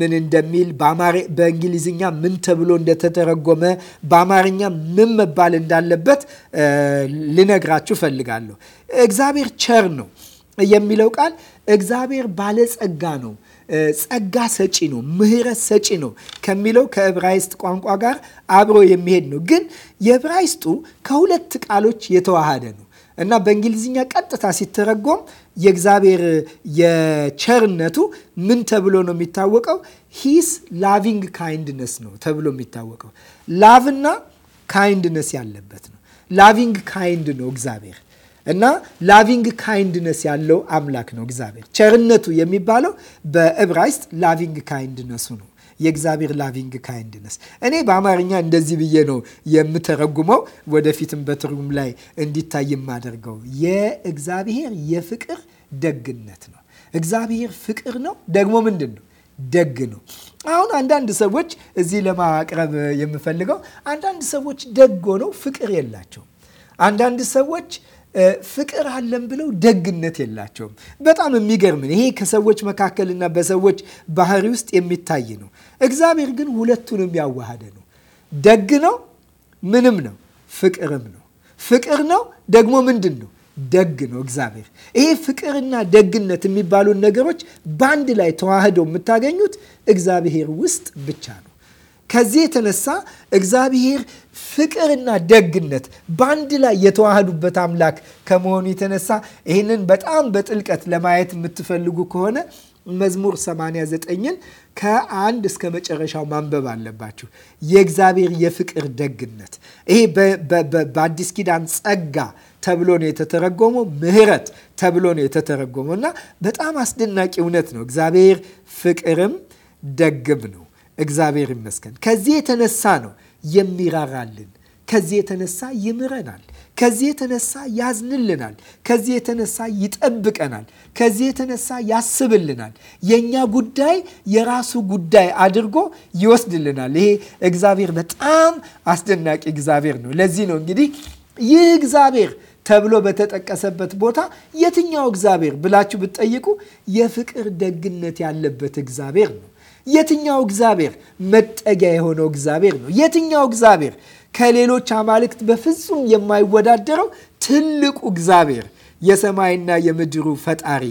ምን እንደሚል በእንግሊዝኛ ምን ተብሎ እንደተተረጎመ በአማርኛ ምን መባል እንዳለበት ልነግራችሁ ፈልጋለሁ እግዚአብሔር ቸር ነው የሚለው ቃል እግዚአብሔር ባለጸጋ ነው ጸጋ ሰጪ ነው፣ ምህረት ሰጪ ነው ከሚለው ከዕብራይስጥ ቋንቋ ጋር አብሮ የሚሄድ ነው። ግን የዕብራይስጡ ከሁለት ቃሎች የተዋሃደ ነው እና በእንግሊዝኛ ቀጥታ ሲተረጎም የእግዚአብሔር የቸርነቱ ምን ተብሎ ነው የሚታወቀው? ሂስ ላቪንግ ካይንድነስ ነው ተብሎ የሚታወቀው ላቭና ካይንድነስ ያለበት ነው። ላቪንግ ካይንድ ነው እግዚአብሔር እና ላቪንግ ካይንድነስ ያለው አምላክ ነው እግዚአብሔር። ቸርነቱ የሚባለው በዕብራይስጥ ላቪንግ ካይንድነሱ ነው። የእግዚአብሔር ላቪንግ ካይንድነስ እኔ በአማርኛ እንደዚህ ብዬ ነው የምተረጉመው፣ ወደፊትም በትርጉም ላይ እንዲታይ የማደርገው የእግዚአብሔር የፍቅር ደግነት ነው። እግዚአብሔር ፍቅር ነው። ደግሞ ምንድን ነው? ደግ ነው። አሁን አንዳንድ ሰዎች እዚህ ለማቅረብ የምፈልገው አንዳንድ ሰዎች ደግ ሆነው ፍቅር የላቸውም። አንዳንድ ሰዎች ፍቅር አለን ብለው ደግነት የላቸውም። በጣም የሚገርም ይሄ ከሰዎች መካከልና በሰዎች ባህሪ ውስጥ የሚታይ ነው። እግዚአብሔር ግን ሁለቱንም ያዋሃደ ነው። ደግ ነው፣ ምንም ነው፣ ፍቅርም ነው። ፍቅር ነው ደግሞ ምንድን ነው? ደግ ነው እግዚአብሔር። ይሄ ፍቅርና ደግነት የሚባሉን ነገሮች በአንድ ላይ ተዋህደው የምታገኙት እግዚአብሔር ውስጥ ብቻ ነው። ከዚህ የተነሳ እግዚአብሔር ፍቅርና ደግነት በአንድ ላይ የተዋህዱበት አምላክ ከመሆኑ የተነሳ ይህንን በጣም በጥልቀት ለማየት የምትፈልጉ ከሆነ መዝሙር 89ን ከአንድ እስከ መጨረሻው ማንበብ አለባችሁ። የእግዚአብሔር የፍቅር ደግነት ይሄ በአዲስ ኪዳን ጸጋ ተብሎ ነው የተተረጎመው፣ ምሕረት ተብሎ ነው የተተረጎመው እና በጣም አስደናቂ እውነት ነው። እግዚአብሔር ፍቅርም ደግም ነው። እግዚአብሔር ይመስገን። ከዚህ የተነሳ ነው የሚራራልን። ከዚህ የተነሳ ይምረናል። ከዚህ የተነሳ ያዝንልናል። ከዚህ የተነሳ ይጠብቀናል። ከዚህ የተነሳ ያስብልናል። የእኛ ጉዳይ የራሱ ጉዳይ አድርጎ ይወስድልናል። ይሄ እግዚአብሔር በጣም አስደናቂ እግዚአብሔር ነው። ለዚህ ነው እንግዲህ ይህ እግዚአብሔር ተብሎ በተጠቀሰበት ቦታ የትኛው እግዚአብሔር ብላችሁ ብትጠይቁ የፍቅር ደግነት ያለበት እግዚአብሔር ነው። የትኛው እግዚአብሔር? መጠጊያ የሆነው እግዚአብሔር ነው። የትኛው እግዚአብሔር? ከሌሎች አማልክት በፍጹም የማይወዳደረው ትልቁ እግዚአብሔር የሰማይና የምድሩ ፈጣሪ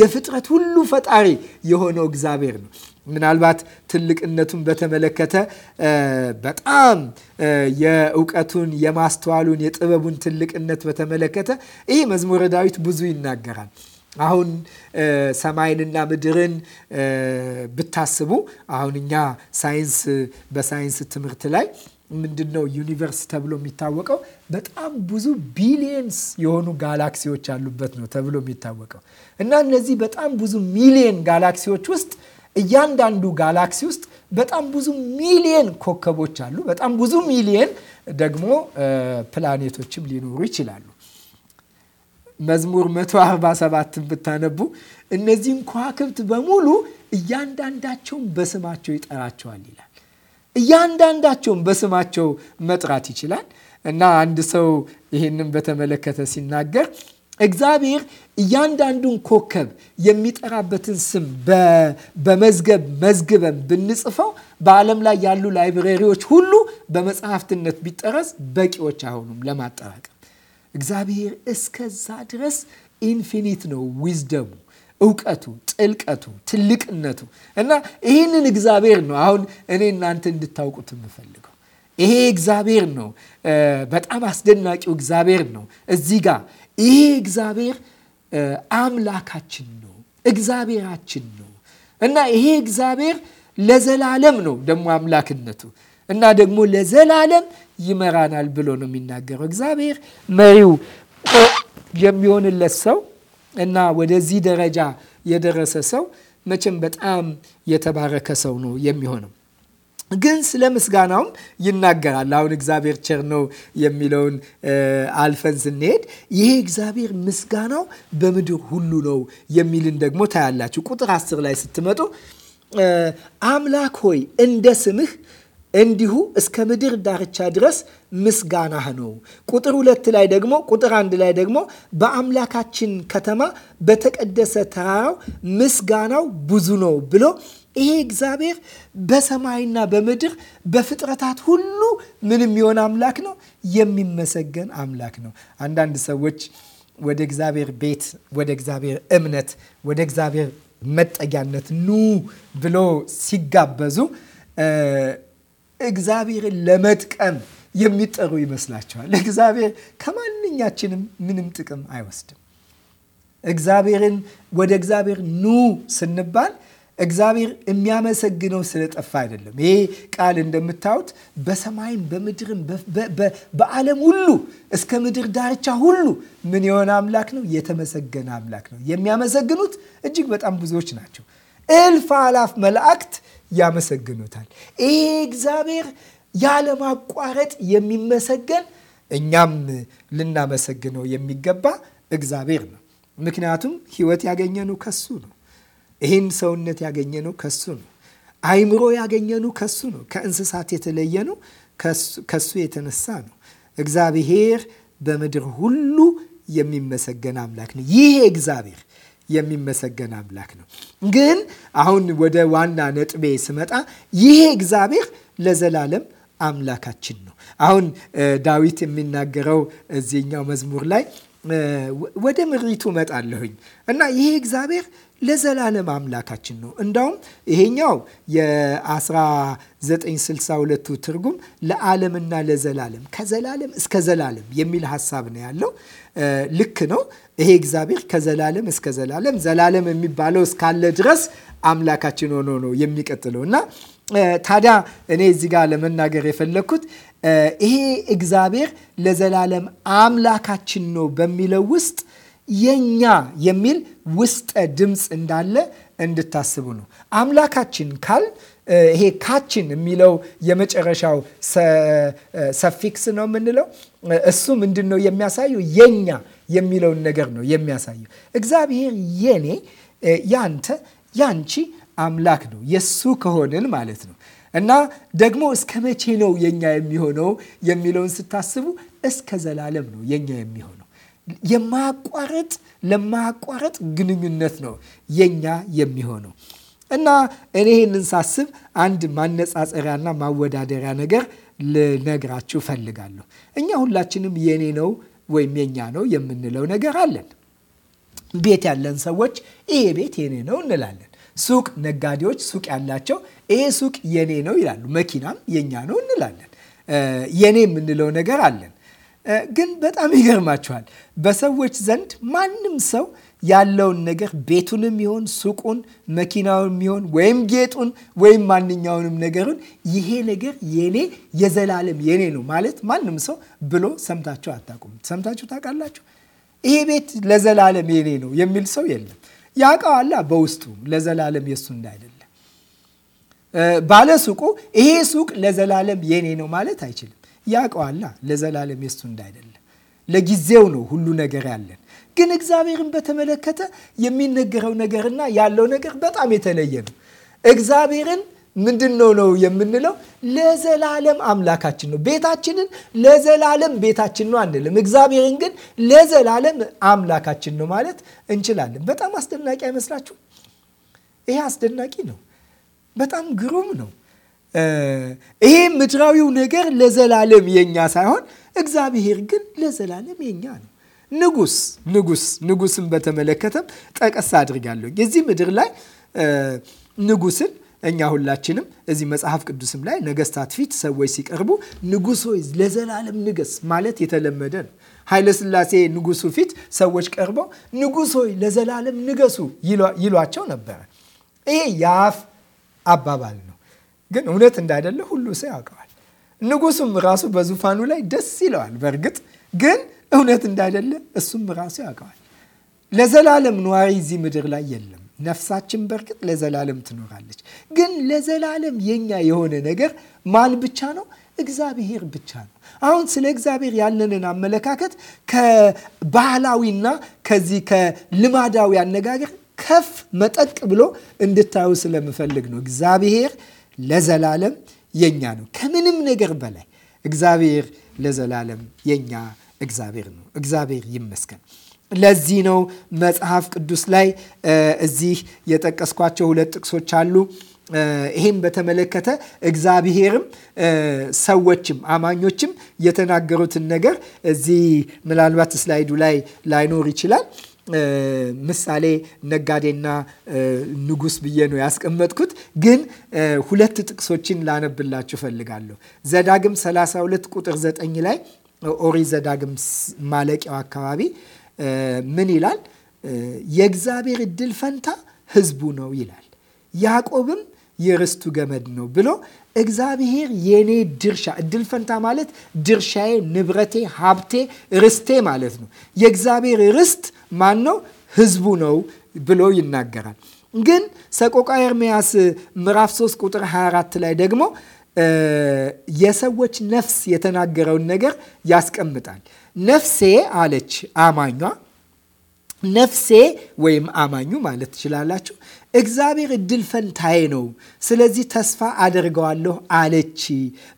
የፍጥረት ሁሉ ፈጣሪ የሆነው እግዚአብሔር ነው። ምናልባት ትልቅነቱን በተመለከተ በጣም የእውቀቱን፣ የማስተዋሉን፣ የጥበቡን ትልቅነት በተመለከተ ይህ መዝሙረ ዳዊት ብዙ ይናገራል። አሁን ሰማይንና ምድርን ብታስቡ አሁን እኛ ሳይንስ በሳይንስ ትምህርት ላይ ምንድን ነው ዩኒቨርስ ተብሎ የሚታወቀው በጣም ብዙ ቢሊየንስ የሆኑ ጋላክሲዎች ያሉበት ነው ተብሎ የሚታወቀው እና እነዚህ በጣም ብዙ ሚሊየን ጋላክሲዎች ውስጥ እያንዳንዱ ጋላክሲ ውስጥ በጣም ብዙ ሚሊየን ኮከቦች አሉ። በጣም ብዙ ሚሊየን ደግሞ ፕላኔቶችም ሊኖሩ ይችላሉ። መዝሙር 147ን ብታነቡ እነዚህን ከዋክብት በሙሉ እያንዳንዳቸውን በስማቸው ይጠራቸዋል ይላል። እያንዳንዳቸውን በስማቸው መጥራት ይችላል እና አንድ ሰው ይህንን በተመለከተ ሲናገር እግዚአብሔር እያንዳንዱን ኮከብ የሚጠራበትን ስም በመዝገብ መዝግበን ብንጽፈው በዓለም ላይ ያሉ ላይብረሪዎች ሁሉ በመጽሐፍትነት ቢጠረዝ በቂዎች አይሆኑም ለማጠራቀም እግዚአብሔር እስከዛ ድረስ ኢንፊኒት ነው ዊዝደሙ እውቀቱ፣ ጥልቀቱ፣ ትልቅነቱ እና ይህንን እግዚአብሔር ነው አሁን እኔ እናንተ እንድታውቁት የምፈልገው። ይሄ እግዚአብሔር ነው። በጣም አስደናቂው እግዚአብሔር ነው። እዚህ ጋር ይሄ እግዚአብሔር አምላካችን ነው፣ እግዚአብሔራችን ነው እና ይሄ እግዚአብሔር ለዘላለም ነው ደግሞ አምላክነቱ እና ደግሞ ለዘላለም ይመራናል ብሎ ነው የሚናገረው። እግዚአብሔር መሪው የሚሆንለት ሰው እና ወደዚህ ደረጃ የደረሰ ሰው መቼም በጣም የተባረከ ሰው ነው የሚሆነው። ግን ስለ ምስጋናውም ይናገራል። አሁን እግዚአብሔር ቸር ነው የሚለውን አልፈን ስንሄድ ይሄ እግዚአብሔር ምስጋናው በምድር ሁሉ ነው የሚልን ደግሞ ታያላችሁ። ቁጥር አስር ላይ ስትመጡ አምላክ ሆይ እንደ ስምህ እንዲሁ እስከ ምድር ዳርቻ ድረስ ምስጋናህ ነው። ቁጥር ሁለት ላይ ደግሞ ቁጥር አንድ ላይ ደግሞ በአምላካችን ከተማ በተቀደሰ ተራራው ምስጋናው ብዙ ነው ብሎ ይሄ እግዚአብሔር በሰማይና በምድር በፍጥረታት ሁሉ ምን የሚሆን አምላክ ነው? የሚመሰገን አምላክ ነው። አንዳንድ ሰዎች ወደ እግዚአብሔር ቤት፣ ወደ እግዚአብሔር እምነት፣ ወደ እግዚአብሔር መጠጊያነት ኑ ብሎ ሲጋበዙ እግዚአብሔርን ለመጥቀም የሚጠሩ ይመስላቸዋል። እግዚአብሔር ከማንኛችንም ምንም ጥቅም አይወስድም። እግዚአብሔርን ወደ እግዚአብሔር ኑ ስንባል እግዚአብሔር የሚያመሰግነው ስለጠፋ አይደለም። ይሄ ቃል እንደምታዩት በሰማይም በምድርም በዓለም ሁሉ እስከ ምድር ዳርቻ ሁሉ ምን የሆነ አምላክ ነው? የተመሰገነ አምላክ ነው። የሚያመሰግኑት እጅግ በጣም ብዙዎች ናቸው። እልፍ አላፍ መላእክት ያመሰግኑታል። ይሄ እግዚአብሔር ያለማቋረጥ የሚመሰገን እኛም ልናመሰግነው የሚገባ እግዚአብሔር ነው። ምክንያቱም ሕይወት ያገኘነው ከሱ ነው። ይህን ሰውነት ያገኘነው ከሱ ነው። አይምሮ ያገኘነው ከሱ ነው። ከእንስሳት የተለየነው ከሱ የተነሳ ነው። እግዚአብሔር በምድር ሁሉ የሚመሰገን አምላክ ነው። ይሄ እግዚአብሔር የሚመሰገን አምላክ ነው። ግን አሁን ወደ ዋና ነጥቤ ስመጣ ይሄ እግዚአብሔር ለዘላለም አምላካችን ነው። አሁን ዳዊት የሚናገረው እዚህኛው መዝሙር ላይ ወደ ምሪቱ መጣለሁኝ እና ይሄ እግዚአብሔር ለዘላለም አምላካችን ነው። እንዳውም ይሄኛው የ1962ቱ ትርጉም ለዓለምና ለዘላለም ከዘላለም እስከ ዘላለም የሚል ሀሳብ ነው ያለው። ልክ ነው። ይሄ እግዚአብሔር ከዘላለም እስከ ዘላለም ዘላለም የሚባለው እስካለ ድረስ አምላካችን ሆኖ ነው የሚቀጥለው እና ታዲያ እኔ እዚህ ጋር ለመናገር የፈለግኩት ይሄ እግዚአብሔር ለዘላለም አምላካችን ነው በሚለው ውስጥ የኛ የሚል ውስጠ ድምፅ እንዳለ እንድታስቡ ነው። አምላካችን ካል ይሄ ካችን የሚለው የመጨረሻው ሰፊክስ ነው የምንለው። እሱ ምንድን ነው የሚያሳየው? የኛ የሚለውን ነገር ነው የሚያሳየው። እግዚአብሔር የኔ፣ ያንተ፣ ያንቺ አምላክ ነው። የሱ ከሆንን ማለት ነው። እና ደግሞ እስከ መቼ ነው የኛ የሚሆነው የሚለውን ስታስቡ፣ እስከ ዘላለም ነው የኛ የሚሆነው የማያቋርጥ ለማያቋርጥ ግንኙነት ነው የኛ የሚሆነው እና እኔ ይህንን ሳስብ አንድ ማነጻጸሪያና ማወዳደሪያ ነገር ልነግራችሁ ፈልጋለሁ። እኛ ሁላችንም የኔ ነው ወይም የኛ ነው የምንለው ነገር አለን። ቤት ያለን ሰዎች ይሄ ቤት የኔ ነው እንላለን። ሱቅ ነጋዴዎች፣ ሱቅ ያላቸው ይሄ ሱቅ የኔ ነው ይላሉ። መኪናም የኛ ነው እንላለን። የኔ የምንለው ነገር አለን። ግን በጣም ይገርማቸዋል በሰዎች ዘንድ ማንም ሰው ያለውን ነገር ቤቱንም ይሆን ሱቁን፣ መኪናውንም ይሆን ወይም ጌጡን ወይም ማንኛውንም ነገሩን ይሄ ነገር የኔ የዘላለም የኔ ነው ማለት ማንም ሰው ብሎ ሰምታችሁ አታውቁም። ሰምታችሁ ታውቃላችሁ? ይሄ ቤት ለዘላለም የኔ ነው የሚል ሰው የለም። ያውቀዋላ በውስጡ ለዘላለም የሱ እንዳይደለም። ባለ ሱቁ ይሄ ሱቅ ለዘላለም የኔ ነው ማለት አይችልም። ያቀዋላ ለዘላለም የሱ እንዳይደለ ለጊዜው ነው ሁሉ ነገር ያለን። ግን እግዚአብሔርን በተመለከተ የሚነገረው ነገርና ያለው ነገር በጣም የተለየ ነው። እግዚአብሔርን ምንድን ነው ነው የምንለው? ለዘላለም አምላካችን ነው። ቤታችንን ለዘላለም ቤታችን ነው አንልም። እግዚአብሔርን ግን ለዘላለም አምላካችን ነው ማለት እንችላለን። በጣም አስደናቂ አይመስላችሁ? ይሄ አስደናቂ ነው። በጣም ግሩም ነው። ይሄ ምድራዊው ነገር ለዘላለም የኛ ሳይሆን እግዚአብሔር ግን ለዘላለም የኛ ነው። ንጉስ ንጉስ ንጉስን በተመለከተም ጠቀስ አድርጋለሁ። የዚህ ምድር ላይ ንጉስን እኛ ሁላችንም እዚህ መጽሐፍ ቅዱስም ላይ ነገስታት ፊት ሰዎች ሲቀርቡ ንጉስ ሆይ ለዘላለም ንገስ ማለት የተለመደ ነው። ኃይለስላሴ ንጉሱ ፊት ሰዎች ቀርበው ንጉስ ሆይ ለዘላለም ንገሱ ይሏቸው ነበረ። ይሄ የአፍ አባባል ነው። ግን እውነት እንዳይደለ ሁሉ ሰው ያውቀዋል። ንጉሱም ራሱ በዙፋኑ ላይ ደስ ይለዋል። በእርግጥ ግን እውነት እንዳይደለ እሱም ራሱ ያውቀዋል። ለዘላለም ነዋሪ እዚህ ምድር ላይ የለም። ነፍሳችን በእርግጥ ለዘላለም ትኖራለች። ግን ለዘላለም የኛ የሆነ ነገር ማን ብቻ ነው? እግዚአብሔር ብቻ ነው። አሁን ስለ እግዚአብሔር ያለንን አመለካከት ከባህላዊና ከዚህ ከልማዳዊ አነጋገር ከፍ መጠቅ ብሎ እንድታዩ ስለምፈልግ ነው። እግዚአብሔር ለዘላለም የኛ ነው። ከምንም ነገር በላይ እግዚአብሔር ለዘላለም የኛ እግዚአብሔር ነው። እግዚአብሔር ይመስገን። ለዚህ ነው መጽሐፍ ቅዱስ ላይ እዚህ የጠቀስኳቸው ሁለት ጥቅሶች አሉ። ይህም በተመለከተ እግዚአብሔርም ሰዎችም አማኞችም የተናገሩትን ነገር እዚህ ምናልባት ስላይዱ ላይ ላይኖር ይችላል ምሳሌ ነጋዴና ንጉስ ብዬ ነው ያስቀመጥኩት። ግን ሁለት ጥቅሶችን ላነብላችሁ ፈልጋለሁ። ዘዳግም 32 ቁጥር 9 ላይ ኦሪ ዘዳግም ማለቂያው አካባቢ ምን ይላል? የእግዚአብሔር እድል ፈንታ ህዝቡ ነው ይላል፣ ያዕቆብም የርስቱ ገመድ ነው ብሎ እግዚአብሔር የኔ ድርሻ እድል ፈንታ ማለት ድርሻዬ፣ ንብረቴ፣ ሀብቴ፣ ርስቴ ማለት ነው። የእግዚአብሔር ርስት ማን ነው? ህዝቡ ነው ብሎ ይናገራል። ግን ሰቆቃ ኤርምያስ ምዕራፍ 3 ቁጥር 24 ላይ ደግሞ የሰዎች ነፍስ የተናገረውን ነገር ያስቀምጣል። ነፍሴ አለች አማኟ ነፍሴ ወይም አማኙ ማለት ትችላላችሁ። እግዚአብሔር እድል ፈንታዬ ነው፣ ስለዚህ ተስፋ አደርገዋለሁ አለች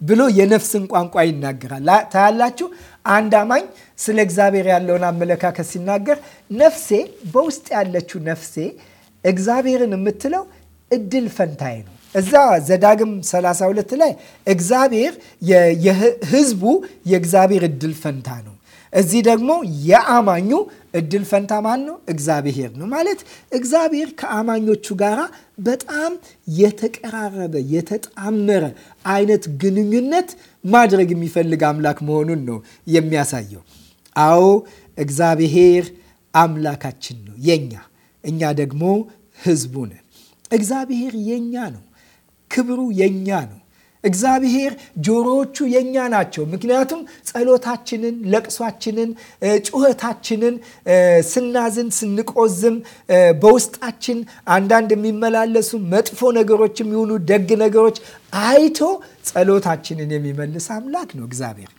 ብሎ የነፍስን ቋንቋ ይናገራል። ታያላችሁ አንድ አማኝ ስለ እግዚአብሔር ያለውን አመለካከት ሲናገር ነፍሴ በውስጥ ያለችው ነፍሴ እግዚአብሔርን የምትለው እድል ፈንታዬ ነው። እዛ ዘዳግም 32 ላይ እግዚአብሔር ህዝቡ የእግዚአብሔር እድል ፈንታ ነው። እዚህ ደግሞ የአማኙ እድል ፈንታ ማን ነው? እግዚአብሔር ነው። ማለት እግዚአብሔር ከአማኞቹ ጋር በጣም የተቀራረበ የተጣመረ አይነት ግንኙነት ማድረግ የሚፈልግ አምላክ መሆኑን ነው የሚያሳየው። አዎ እግዚአብሔር አምላካችን ነው የኛ፣ እኛ ደግሞ ህዝቡ ነን። እግዚአብሔር የኛ ነው፣ ክብሩ የኛ ነው፣ እግዚአብሔር ጆሮዎቹ የኛ ናቸው። ምክንያቱም ጸሎታችንን፣ ለቅሷችንን፣ ጩኸታችንን ስናዝን፣ ስንቆዝም በውስጣችን አንዳንድ የሚመላለሱ መጥፎ ነገሮች የሚሆኑ ደግ ነገሮች አይቶ ጸሎታችንን የሚመልስ አምላክ ነው እግዚአብሔር።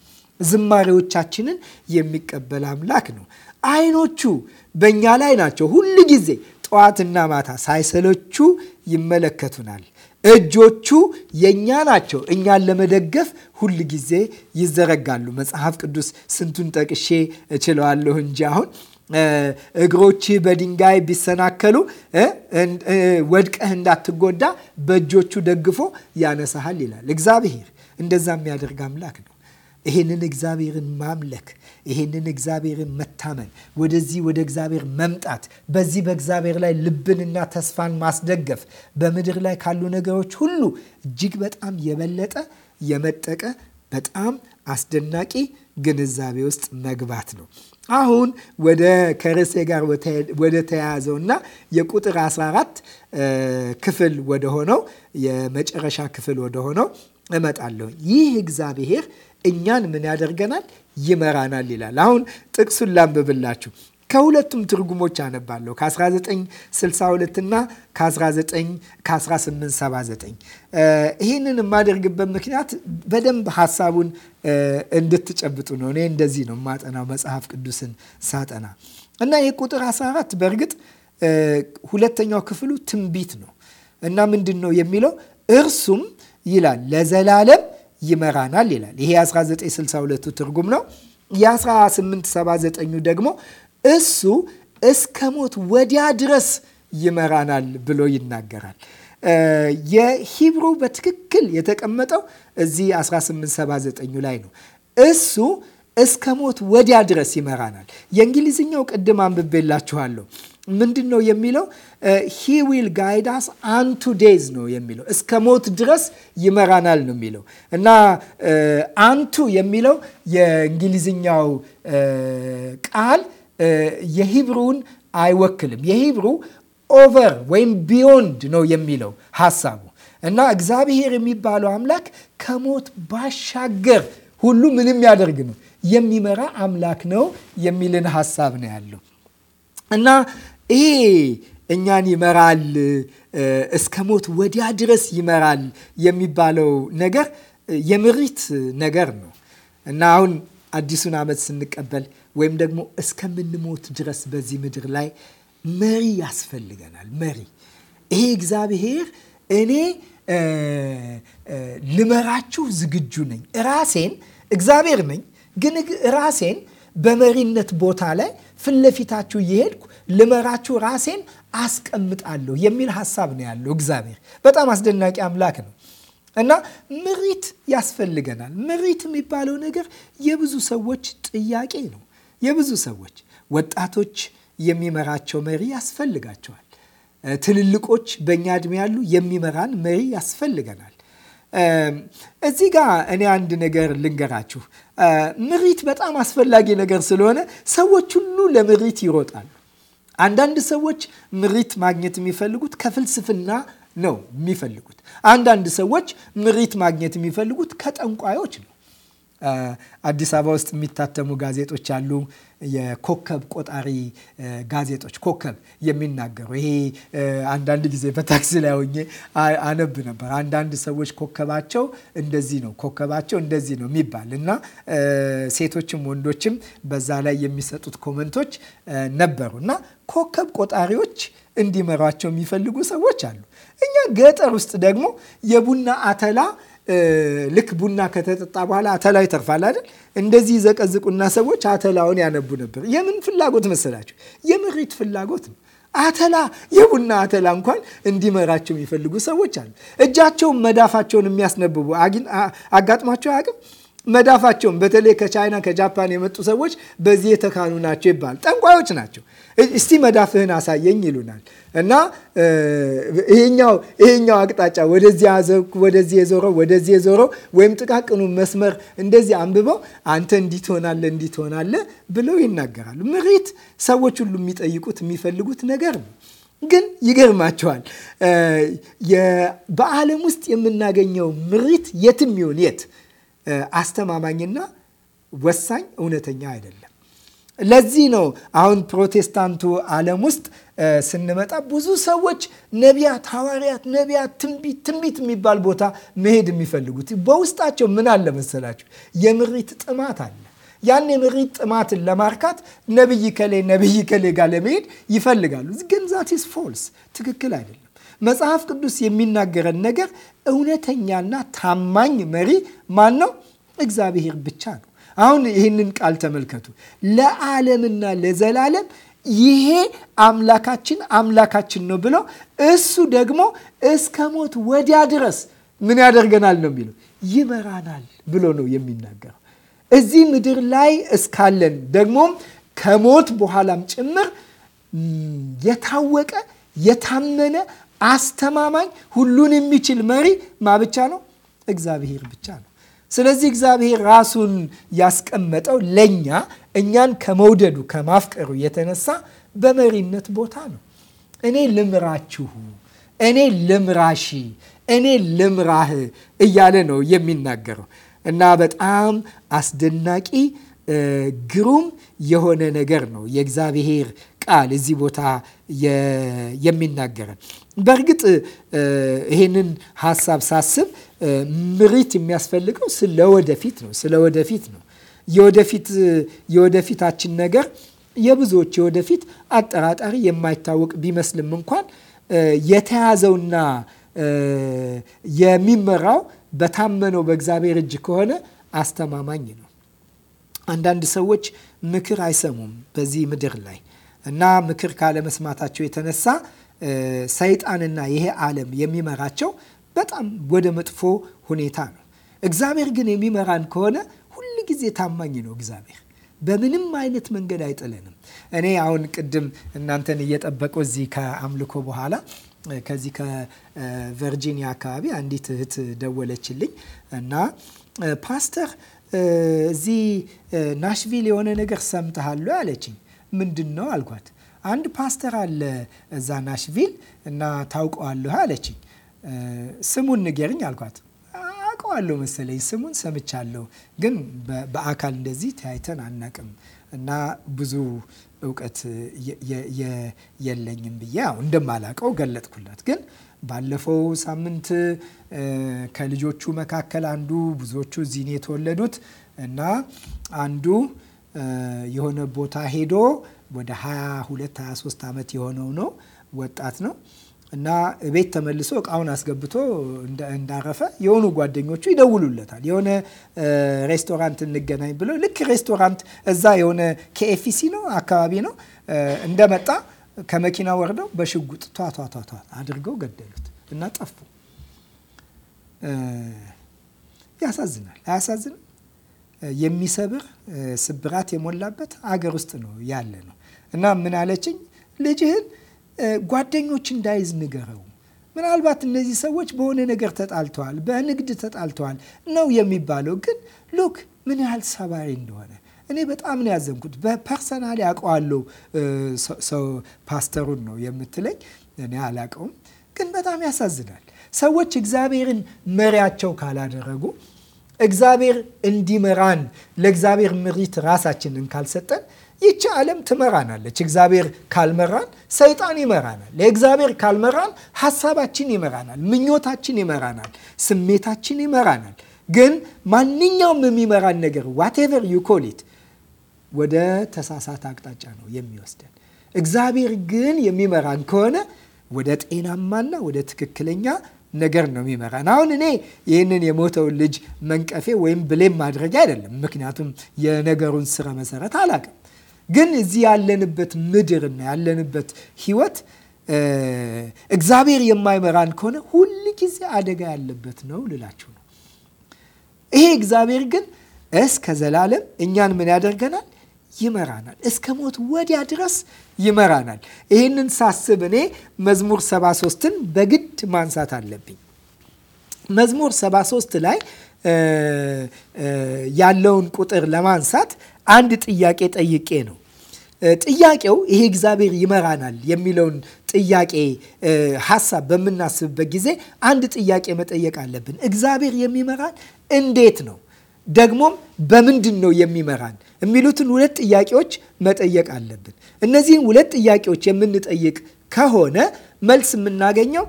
ዝማሬዎቻችንን የሚቀበል አምላክ ነው። አይኖቹ በእኛ ላይ ናቸው ሁል ጊዜ ጠዋትና ማታ ሳይሰለቹ ይመለከቱናል። እጆቹ የእኛ ናቸው፣ እኛን ለመደገፍ ሁል ጊዜ ይዘረጋሉ። መጽሐፍ ቅዱስ ስንቱን ጠቅሼ እችለዋለሁ እንጂ አሁን እግሮች በድንጋይ ቢሰናከሉ ወድቀህ እንዳትጎዳ በእጆቹ ደግፎ ያነሳሃል ይላል እግዚአብሔር። እንደዛ የሚያደርግ አምላክ ነው። ይህንን እግዚአብሔርን ማምለክ ይሄንን እግዚአብሔርን መታመን ወደዚህ ወደ እግዚአብሔር መምጣት በዚህ በእግዚአብሔር ላይ ልብንና ተስፋን ማስደገፍ በምድር ላይ ካሉ ነገሮች ሁሉ እጅግ በጣም የበለጠ የመጠቀ በጣም አስደናቂ ግንዛቤ ውስጥ መግባት ነው። አሁን ወደ ከርሴ ጋር ወደ ተያያዘውና የቁጥር 14 ክፍል ወደ ሆነው የመጨረሻ ክፍል ወደ ሆነው እመጣለሁ። ይህ እግዚአብሔር እኛን ምን ያደርገናል? ይመራናል ይላል። አሁን ጥቅሱን ላንብብላችሁ። ከሁለቱም ትርጉሞች አነባለሁ ከ1962 እና ከ1879 ይህንን የማደርግበት ምክንያት በደንብ ሀሳቡን እንድትጨብጡ ነው። እኔ እንደዚህ ነው ማጠናው መጽሐፍ ቅዱስን ሳጠና እና ይህ ቁጥር 14 በእርግጥ ሁለተኛው ክፍሉ ትንቢት ነው እና ምንድን ነው የሚለው እርሱም ይላል ለዘላለም ይመራናል ይላል። ይሄ 1962 ትርጉም ነው። የ1879 ደግሞ እሱ እስከ ሞት ወዲያ ድረስ ይመራናል ብሎ ይናገራል። የሂብሩ በትክክል የተቀመጠው እዚህ 1879 ላይ ነው። እሱ እስከ ሞት ወዲያ ድረስ ይመራናል። የእንግሊዝኛው ቅድም አንብቤላችኋለሁ። ምንድን ነው የሚለው? ሂ ዊል ጋይዳስ አንቱ ዴዝ ነው የሚለው እስከ ሞት ድረስ ይመራናል ነው የሚለው እና አንቱ የሚለው የእንግሊዝኛው ቃል የሂብሩውን አይወክልም። የሂብሩ ኦቨር ወይም ቢዮንድ ነው የሚለው ሀሳቡ እና እግዚአብሔር የሚባለው አምላክ ከሞት ባሻገር ሁሉ ምንም ያደርግ ነው የሚመራ አምላክ ነው የሚልን ሀሳብ ነው ያለው እና ይሄ እኛን ይመራል እስከ ሞት ወዲያ ድረስ ይመራል የሚባለው ነገር የምሪት ነገር ነው እና አሁን አዲሱን ዓመት ስንቀበል ወይም ደግሞ እስከምንሞት ድረስ በዚህ ምድር ላይ መሪ ያስፈልገናል። መሪ ይሄ እግዚአብሔር እኔ ልመራችሁ ዝግጁ ነኝ። ራሴን እግዚአብሔር ነኝ፣ ግን ራሴን በመሪነት ቦታ ላይ ፊት ለፊታችሁ እየሄድኩ ልመራችሁ ራሴን አስቀምጣለሁ የሚል ሀሳብ ነው ያለው እግዚአብሔር። በጣም አስደናቂ አምላክ ነው እና ምሪት ያስፈልገናል። ምሪት የሚባለው ነገር የብዙ ሰዎች ጥያቄ ነው። የብዙ ሰዎች ወጣቶች የሚመራቸው መሪ ያስፈልጋቸዋል። ትልልቆች በእኛ እድሜ ያሉ የሚመራን መሪ ያስፈልገናል። እዚህ ጋር እኔ አንድ ነገር ልንገራችሁ። ምሪት በጣም አስፈላጊ ነገር ስለሆነ ሰዎች ሁሉ ለምሪት ይሮጣሉ። አንዳንድ ሰዎች ምሪት ማግኘት የሚፈልጉት ከፍልስፍና ነው የሚፈልጉት። አንዳንድ ሰዎች ምሪት ማግኘት የሚፈልጉት ከጠንቋዮች ነው። አዲስ አበባ ውስጥ የሚታተሙ ጋዜጦች አሉ። የኮከብ ቆጣሪ ጋዜጦች ኮከብ የሚናገሩ ይሄ አንዳንድ ጊዜ በታክሲ ላይ ሆኜ አነብ ነበር። አንዳንድ ሰዎች ኮከባቸው እንደዚህ ነው፣ ኮከባቸው እንደዚህ ነው የሚባል እና ሴቶችም ወንዶችም በዛ ላይ የሚሰጡት ኮመንቶች ነበሩ እና ኮከብ ቆጣሪዎች እንዲመሯቸው የሚፈልጉ ሰዎች አሉ። እኛ ገጠር ውስጥ ደግሞ የቡና አተላ ልክ ቡና ከተጠጣ በኋላ አተላ ይተርፋል አይደል? እንደዚህ ዘቀዝቁና ሰዎች አተላውን ያነቡ ነበር። የምን ፍላጎት መሰላቸው? የምሪት ፍላጎት ነው። አተላ የቡና አተላ እንኳን እንዲመራቸው የሚፈልጉ ሰዎች አሉ። እጃቸውን መዳፋቸውን የሚያስነብቡ አጋጥሟቸው አያውቅም? መዳፋቸውን በተለይ ከቻይና ከጃፓን የመጡ ሰዎች በዚህ የተካኑ ናቸው ይባላል። ጠንቋዮች ናቸው። እስቲ መዳፍህን አሳየኝ ይሉናል እና ይሄኛው ይሄኛው አቅጣጫ ወደዚህ አዘብኩ፣ ወደዚህ የዞረው ወደዚህ የዞረው ወይም ጥቃቅኑ መስመር እንደዚህ አንብበው አንተ እንዲት ትሆናለህ እንዲት ሆናለ ብለው ይናገራሉ። ምሪት ሰዎች ሁሉ የሚጠይቁት የሚፈልጉት ነገር ነው። ግን ይገርማቸዋል። በዓለም ውስጥ የምናገኘው ምሪት የትም ይሁን የት አስተማማኝና ወሳኝ እውነተኛ አይደለም። ለዚህ ነው አሁን ፕሮቴስታንቱ ዓለም ውስጥ ስንመጣ ብዙ ሰዎች ነቢያት፣ ሐዋርያት፣ ነቢያት፣ ትንቢት ትንቢት የሚባል ቦታ መሄድ የሚፈልጉት በውስጣቸው ምን አለ መሰላችሁ? የምሪት ጥማት አለ። ያን የምሪት ጥማትን ለማርካት ነብይ ከሌ ነብይ ከሌ ጋር ለመሄድ ይፈልጋሉ። ግን ዛት ኢስ ፎልስ፣ ትክክል አይደለም። መጽሐፍ ቅዱስ የሚናገረን ነገር እውነተኛና ታማኝ መሪ ማን ነው? እግዚአብሔር ብቻ ነው። አሁን ይህንን ቃል ተመልከቱ። ለዓለምና ለዘላለም ይሄ አምላካችን አምላካችን ነው ብሎ እሱ ደግሞ እስከ ሞት ወዲያ ድረስ ምን ያደርገናል ነው የሚለው ይመራናል ብሎ ነው የሚናገረው። እዚህ ምድር ላይ እስካለን ደግሞም ከሞት በኋላም ጭምር የታወቀ የታመነ አስተማማኝ ሁሉን የሚችል መሪ ማ ብቻ ነው? እግዚአብሔር ብቻ ነው። ስለዚህ እግዚአብሔር ራሱን ያስቀመጠው ለእኛ እኛን ከመውደዱ ከማፍቀሩ የተነሳ በመሪነት ቦታ ነው። እኔ ልምራችሁ፣ እኔ ልምራሽ፣ እኔ ልምራህ እያለ ነው የሚናገረው እና በጣም አስደናቂ ግሩም የሆነ ነገር ነው የእግዚአብሔር ቃል እዚህ ቦታ የሚናገረን። በእርግጥ ይሄንን ሀሳብ ሳስብ ምሪት የሚያስፈልገው ስለወደፊት ነው። ስለወደፊት ነው። የወደፊታችን ነገር የብዙዎች የወደፊት አጠራጣሪ የማይታወቅ ቢመስልም እንኳን የተያዘውና የሚመራው በታመነው በእግዚአብሔር እጅ ከሆነ አስተማማኝ ነው። አንዳንድ ሰዎች ምክር አይሰሙም በዚህ ምድር ላይ እና ምክር ካለመስማታቸው የተነሳ ሰይጣንና ይሄ ዓለም የሚመራቸው በጣም ወደ መጥፎ ሁኔታ ነው። እግዚአብሔር ግን የሚመራን ከሆነ ሁል ጊዜ ታማኝ ነው። እግዚአብሔር በምንም አይነት መንገድ አይጥለንም። እኔ አሁን ቅድም እናንተን እየጠበቀው እዚህ ከአምልኮ በኋላ ከዚህ ከቨርጂኒያ አካባቢ አንዲት እህት ደወለችልኝ እና ፓስተር እዚህ ናሽቪል የሆነ ነገር ሰምተሃል አለችኝ። ምንድን ነው አልኳት። አንድ ፓስተር አለ እዛ ናሽቪል እና ታውቀዋለሁ አለችኝ። ስሙን ንገርኝ አልኳት። አውቀዋለሁ መሰለኝ ስሙን ሰምቻለሁ፣ ግን በአካል እንደዚህ ተያይተን አናቅም እና ብዙ እውቀት የለኝም ብዬ ያው እንደማላቀው ገለጥኩላት። ግን ባለፈው ሳምንት ከልጆቹ መካከል አንዱ ብዙዎቹ እዚህ ነው የተወለዱት እና አንዱ የሆነ ቦታ ሄዶ ወደ 22 23 ዓመት የሆነው ነው ወጣት ነው እና ቤት ተመልሶ እቃውን አስገብቶ እንዳረፈ የሆኑ ጓደኞቹ ይደውሉለታል። የሆነ ሬስቶራንት እንገናኝ ብሎ ልክ ሬስቶራንት እዛ የሆነ ኬኤፍሲ ነው አካባቢ ነው እንደመጣ ከመኪና ወርደው በሽጉጥ ቷቷቷቷ አድርገው ገደሉት እና ጠፉ። ያሳዝናል። አያሳዝንም? የሚሰብር ስብራት የሞላበት አገር ውስጥ ነው ያለ ነው እና ምን አለችኝ ልጅህን ጓደኞች እንዳይዝ ንገረው። ምናልባት እነዚህ ሰዎች በሆነ ነገር ተጣልተዋል፣ በንግድ ተጣልተዋል ነው የሚባለው። ግን ሉክ ምን ያህል ሰባሪ እንደሆነ እኔ በጣም ነው ያዘንኩት። በፐርሰናል ያውቀዋለሁ ሰው ፓስተሩን ነው የምትለኝ፣ እኔ አላውቀውም። ግን በጣም ያሳዝናል። ሰዎች እግዚአብሔርን መሪያቸው ካላደረጉ እግዚአብሔር እንዲመራን ለእግዚአብሔር ምሪት ራሳችንን ካልሰጠን ይቺ ዓለም ትመራናለች። እግዚአብሔር ካልመራን ሰይጣን ይመራናል። ለእግዚአብሔር ካልመራን ሀሳባችን ይመራናል፣ ምኞታችን ይመራናል፣ ስሜታችን ይመራናል። ግን ማንኛውም የሚመራን ነገር ዋቴቨር ዩ ኮሊት ወደ ተሳሳተ አቅጣጫ ነው የሚወስደን። እግዚአብሔር ግን የሚመራን ከሆነ ወደ ጤናማና ወደ ትክክለኛ ነገር ነው የሚመራን። አሁን እኔ ይህንን የሞተውን ልጅ መንቀፌ ወይም ብሌም ማድረግ አይደለም፣ ምክንያቱም የነገሩን ስረ መሰረት አላቅም። ግን እዚህ ያለንበት ምድርና ያለንበት ህይወት እግዚአብሔር የማይመራን ከሆነ ሁል ጊዜ አደጋ ያለበት ነው ልላችሁ ነው። ይሄ እግዚአብሔር ግን እስከ ዘላለም እኛን ምን ያደርገናል? ይመራናል። እስከ ሞት ወዲያ ድረስ ይመራናል። ይህንን ሳስብ እኔ መዝሙር 73ን በግድ ማንሳት አለብኝ። መዝሙር 73 ላይ ያለውን ቁጥር ለማንሳት አንድ ጥያቄ ጠይቄ ነው። ጥያቄው ይሄ እግዚአብሔር ይመራናል የሚለውን ጥያቄ ሀሳብ በምናስብበት ጊዜ አንድ ጥያቄ መጠየቅ አለብን። እግዚአብሔር የሚመራን እንዴት ነው? ደግሞም በምንድን ነው የሚመራን የሚሉትን ሁለት ጥያቄዎች መጠየቅ አለብን። እነዚህን ሁለት ጥያቄዎች የምንጠይቅ ከሆነ መልስ የምናገኘው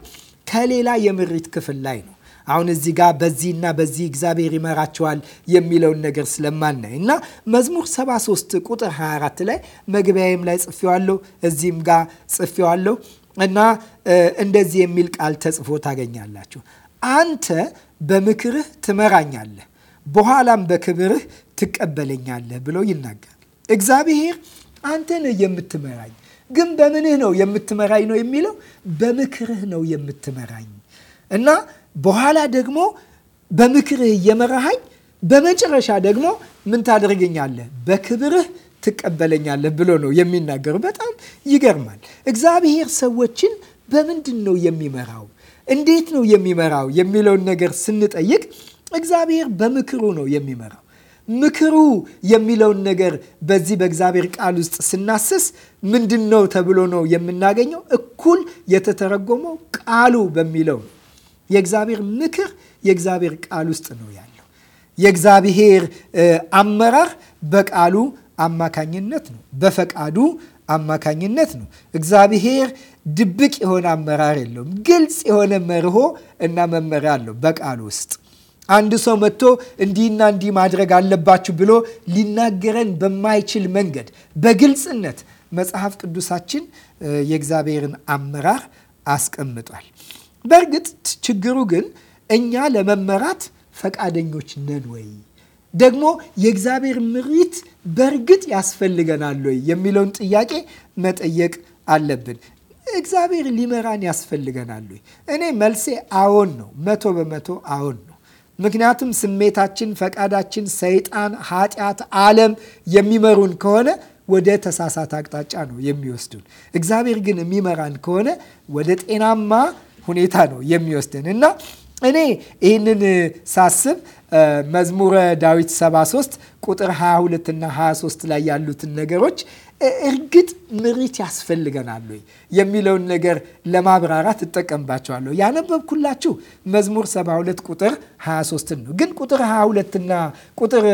ከሌላ የምሪት ክፍል ላይ ነው። አሁን እዚህ ጋር በዚህና በዚህ እግዚአብሔር ይመራቸዋል የሚለውን ነገር ስለማናይ እና መዝሙር 73 ቁጥር 24 ላይ መግቢያዬም ላይ ጽፌዋለሁ፣ እዚህም ጋር ጽፌዋለሁ እና እንደዚህ የሚል ቃል ተጽፎ ታገኛላችሁ። አንተ በምክርህ ትመራኛለህ፣ በኋላም በክብርህ ትቀበለኛለህ ብሎ ይናገራል። እግዚአብሔር አንተ ነህ የምትመራኝ፣ ግን በምንህ ነው የምትመራኝ ነው የሚለው፣ በምክርህ ነው የምትመራኝ እና በኋላ ደግሞ በምክርህ እየመራሃኝ በመጨረሻ ደግሞ ምን ታደርገኛለህ? በክብርህ ትቀበለኛለህ ብሎ ነው የሚናገሩ። በጣም ይገርማል። እግዚአብሔር ሰዎችን በምንድን ነው የሚመራው? እንዴት ነው የሚመራው የሚለውን ነገር ስንጠይቅ እግዚአብሔር በምክሩ ነው የሚመራው። ምክሩ የሚለውን ነገር በዚህ በእግዚአብሔር ቃል ውስጥ ስናስስ ምንድን ነው ተብሎ ነው የምናገኘው? እኩል የተተረጎመው ቃሉ በሚለው ነው የእግዚአብሔር ምክር የእግዚአብሔር ቃል ውስጥ ነው ያለው። የእግዚአብሔር አመራር በቃሉ አማካኝነት ነው፣ በፈቃዱ አማካኝነት ነው። እግዚአብሔር ድብቅ የሆነ አመራር የለውም። ግልጽ የሆነ መርሆ እና መመሪያ አለው በቃሉ ውስጥ አንድ ሰው መጥቶ እንዲህና እንዲህ ማድረግ አለባችሁ ብሎ ሊናገረን በማይችል መንገድ በግልጽነት መጽሐፍ ቅዱሳችን የእግዚአብሔርን አመራር አስቀምጧል። በእርግጥ ችግሩ ግን እኛ ለመመራት ፈቃደኞች ነን ወይ ደግሞ የእግዚአብሔር ምሪት በእርግጥ ያስፈልገናል ወይ የሚለውን ጥያቄ መጠየቅ አለብን። እግዚአብሔር ሊመራን ያስፈልገናል ወይ? እኔ መልሴ አዎን ነው። መቶ በመቶ አዎን ነው። ምክንያቱም ስሜታችን፣ ፈቃዳችን፣ ሰይጣን፣ ኃጢአት፣ ዓለም የሚመሩን ከሆነ ወደ ተሳሳተ አቅጣጫ ነው የሚወስዱን። እግዚአብሔር ግን የሚመራን ከሆነ ወደ ጤናማ ሁኔታ ነው የሚወስድን እና እኔ ይህንን ሳስብ መዝሙረ ዳዊት 73 ቁጥር 22 እና 23 ላይ ያሉትን ነገሮች እርግጥ ምሪት ያስፈልገናል ወይ የሚለውን ነገር ለማብራራት እጠቀምባቸዋለሁ። ያነበብኩላችሁ መዝሙር 72 ቁጥር 23 ነው፣ ግን ቁጥር 22 እና ቁጥር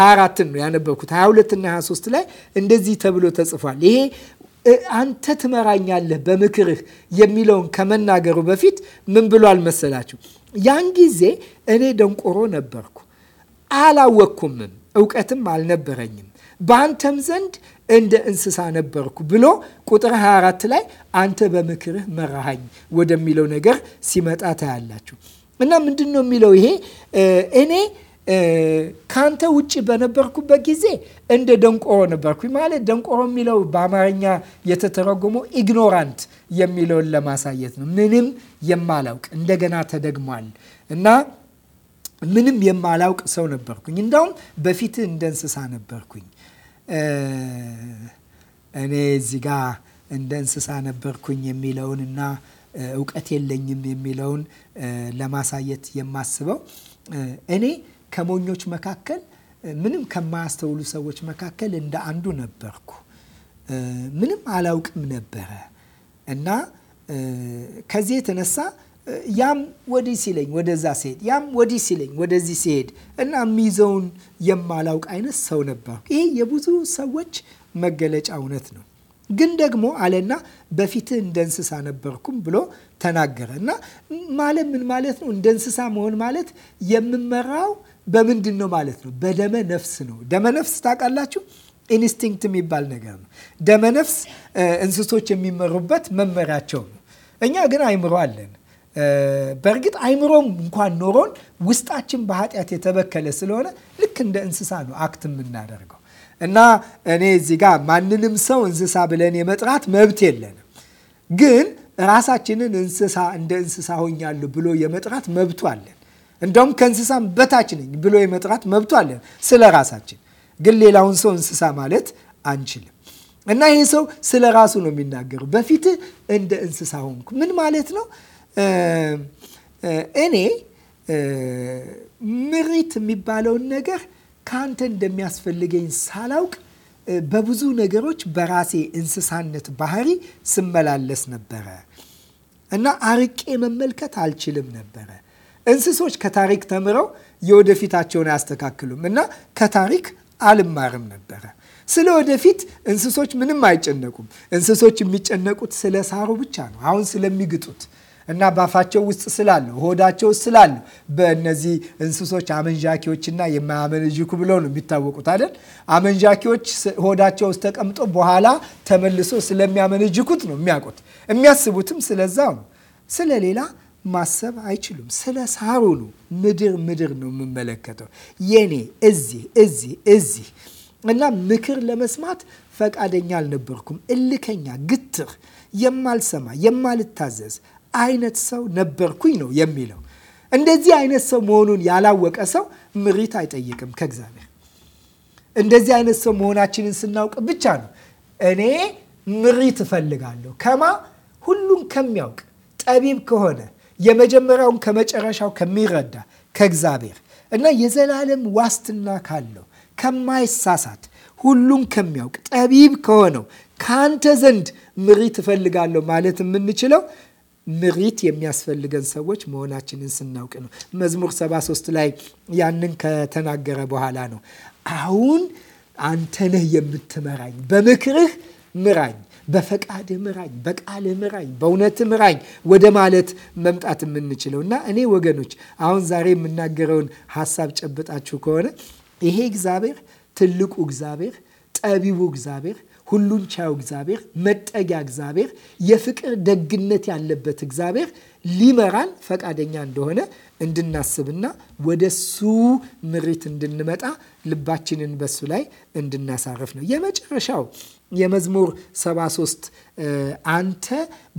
24 ነው ያነበብኩት። 22ና 23 ላይ እንደዚህ ተብሎ ተጽፏል። ይሄ አንተ ትመራኛለህ በምክርህ የሚለውን ከመናገሩ በፊት ምን ብሎ አልመሰላችሁ? ያን ጊዜ እኔ ደንቆሮ ነበርኩ፣ አላወቅኩምም፣ እውቀትም አልነበረኝም፣ በአንተም ዘንድ እንደ እንስሳ ነበርኩ ብሎ ቁጥር 24 ላይ አንተ በምክርህ መራሃኝ ወደሚለው ነገር ሲመጣ ታያላችሁ። እና ምንድን ነው የሚለው ይሄ እኔ ካንተ ውጭ በነበርኩበት ጊዜ እንደ ደንቆሮ ነበርኩኝ። ማለት ደንቆሮ የሚለው በአማርኛ የተተረጎመው ኢግኖራንት የሚለውን ለማሳየት ነው። ምንም የማላውቅ እንደገና ተደግሟል እና ምንም የማላውቅ ሰው ነበርኩኝ። እንዳውም በፊት እንደ እንስሳ ነበርኩኝ። እኔ እዚህ ጋ እንደ እንስሳ ነበርኩኝ የሚለውን እና እውቀት የለኝም የሚለውን ለማሳየት የማስበው እኔ ከሞኞች መካከል ምንም ከማያስተውሉ ሰዎች መካከል እንደ አንዱ ነበርኩ። ምንም አላውቅም ነበረ እና ከዚህ የተነሳ ያም ወዲህ ሲለኝ ወደዛ ሲሄድ፣ ያም ወዲህ ሲለኝ ወደዚህ ሲሄድ እና የሚይዘውን የማላውቅ አይነት ሰው ነበርኩ። ይሄ የብዙ ሰዎች መገለጫ እውነት ነው። ግን ደግሞ አለና በፊትህ እንደ እንስሳ ነበርኩም ብሎ ተናገረ እና ማለት ምን ማለት ነው? እንደ እንስሳ መሆን ማለት የምመራው በምንድን ነው ማለት ነው? በደመ ነፍስ ነው። ደመ ነፍስ ታውቃላችሁ? ኢንስቲንክት የሚባል ነገር ነው። ደመ ነፍስ እንስሶች የሚመሩበት መመሪያቸው ነው። እኛ ግን አይምሮ አለን። በእርግጥ አይምሮም እንኳን ኖሮን ውስጣችን በኃጢአት የተበከለ ስለሆነ ልክ እንደ እንስሳ ነው አክት የምናደርገው እና እኔ እዚህ ጋር ማንንም ሰው እንስሳ ብለን የመጥራት መብት የለንም ግን ራሳችንን እንስሳ እንደ እንስሳ ሆኛለሁ ብሎ የመጥራት መብቱ አለን። እንደውም ከእንስሳም በታች ነኝ ብሎ የመጥራት መብቱ አለን ስለ ራሳችን። ግን ሌላውን ሰው እንስሳ ማለት አንችልም። እና ይህ ሰው ስለ ራሱ ነው የሚናገረው። በፊትህ እንደ እንስሳ ሆንኩ። ምን ማለት ነው? እኔ ምሪት የሚባለውን ነገር ከአንተ እንደሚያስፈልገኝ ሳላውቅ በብዙ ነገሮች በራሴ እንስሳነት ባህሪ ስመላለስ ነበረ እና አርቄ መመልከት አልችልም ነበረ እንስሶች ከታሪክ ተምረው የወደፊታቸውን አያስተካክሉም እና ከታሪክ አልማርም ነበረ። ስለ ወደፊት እንስሶች ምንም አይጨነቁም። እንስሶች የሚጨነቁት ስለ ሳሩ ብቻ ነው። አሁን ስለሚግጡት እና ባፋቸው ውስጥ ስላለው ሆዳቸው ውስጥ ስላለው በእነዚህ እንስሶች አመንዣኪዎችና የማያመነዥኩ ብለው ነው የሚታወቁት አይደል? አመንዣኪዎች ሆዳቸው ውስጥ ተቀምጦ በኋላ ተመልሶ ስለሚያመነዥኩት ነው የሚያውቁት። የሚያስቡትም ስለዛ ነው። ስለሌላ ማሰብ አይችሉም። ስለ ሳሩሉ ምድር ምድር ነው የምመለከተው የኔ እዚህ እዚህ እዚህ እና ምክር ለመስማት ፈቃደኛ አልነበርኩም። እልከኛ፣ ግትር፣ የማልሰማ የማልታዘዝ አይነት ሰው ነበርኩኝ ነው የሚለው። እንደዚህ አይነት ሰው መሆኑን ያላወቀ ሰው ምሪት አይጠይቅም ከእግዚአብሔር። እንደዚህ አይነት ሰው መሆናችንን ስናውቅ ብቻ ነው እኔ ምሪት እፈልጋለሁ ከማ ሁሉም ከሚያውቅ ጠቢብ ከሆነ የመጀመሪያውን ከመጨረሻው ከሚረዳ ከእግዚአብሔር እና የዘላለም ዋስትና ካለው ከማይሳሳት ሁሉም ከሚያውቅ ጠቢብ ከሆነው ከአንተ ዘንድ ምሪት እፈልጋለሁ ማለት የምንችለው ምሪት የሚያስፈልገን ሰዎች መሆናችንን ስናውቅ ነው። መዝሙር 73 ላይ ያንን ከተናገረ በኋላ ነው አሁን አንተ ነህ የምትመራኝ፣ በምክርህ ምራኝ በፈቃድ ምራኝ፣ በቃል ምራኝ፣ በእውነት ምራኝ ወደ ማለት መምጣት የምንችለው እና እኔ ወገኖች አሁን ዛሬ የምናገረውን ሀሳብ ጨብጣችሁ ከሆነ ይሄ እግዚአብሔር ትልቁ እግዚአብሔር፣ ጠቢቡ እግዚአብሔር፣ ሁሉን ቻዩ እግዚአብሔር፣ መጠጊያ እግዚአብሔር፣ የፍቅር ደግነት ያለበት እግዚአብሔር ሊመራን ፈቃደኛ እንደሆነ እንድናስብና ወደሱ ምሪት እንድንመጣ ልባችንን በሱ ላይ እንድናሳርፍ ነው። የመጨረሻው የመዝሙር 73 አንተ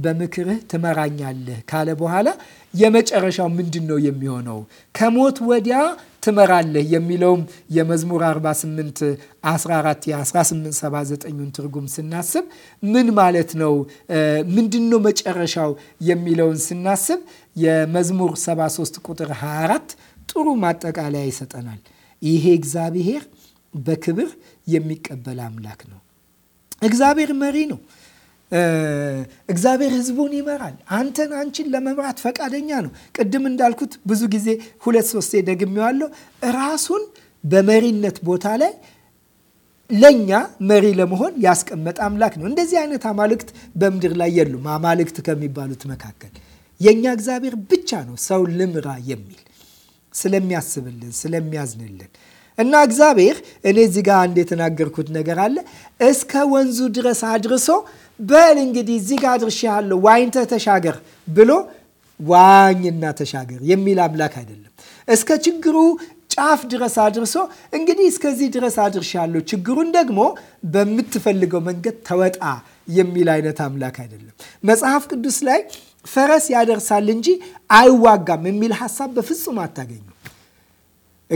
በምክርህ ትመራኛለህ ካለ በኋላ የመጨረሻው ምንድን ነው የሚሆነው? ከሞት ወዲያ ትመራለህ የሚለውም የመዝሙር 48 14 የ1879ን ትርጉም ስናስብ ምን ማለት ነው? ምንድን ነው መጨረሻው የሚለውን ስናስብ የመዝሙር 73 ቁጥር 24 ጥሩ ማጠቃለያ ይሰጠናል። ይሄ እግዚአብሔር በክብር የሚቀበል አምላክ ነው። እግዚአብሔር መሪ ነው። እግዚአብሔር ህዝቡን ይመራል። አንተን አንቺን ለመምራት ፈቃደኛ ነው። ቅድም እንዳልኩት ብዙ ጊዜ ሁለት ሶስቴ ደግሜዋለሁ። ራሱን በመሪነት ቦታ ላይ ለእኛ መሪ ለመሆን ያስቀመጠ አምላክ ነው። እንደዚህ አይነት አማልክት በምድር ላይ የሉም። አማልክት ከሚባሉት መካከል የእኛ እግዚአብሔር ብቻ ነው ሰው ልምራ የሚል ስለሚያስብልን ስለሚያዝንልን እና እግዚአብሔር እኔ እዚህ ጋር አንድ የተናገርኩት ነገር አለ። እስከ ወንዙ ድረስ አድርሶ በል እንግዲህ እዚህ ጋር አድርሼሃለሁ ዋኝተ ተሻገር ብሎ ዋኝና ተሻገር የሚል አምላክ አይደለም። እስከ ችግሩ ጫፍ ድረስ አድርሶ እንግዲህ እስከዚህ ድረስ አድርሻለሁ ችግሩን ደግሞ በምትፈልገው መንገድ ተወጣ የሚል አይነት አምላክ አይደለም። መጽሐፍ ቅዱስ ላይ ፈረስ ያደርሳል እንጂ አይዋጋም የሚል ሀሳብ በፍጹም አታገኙ።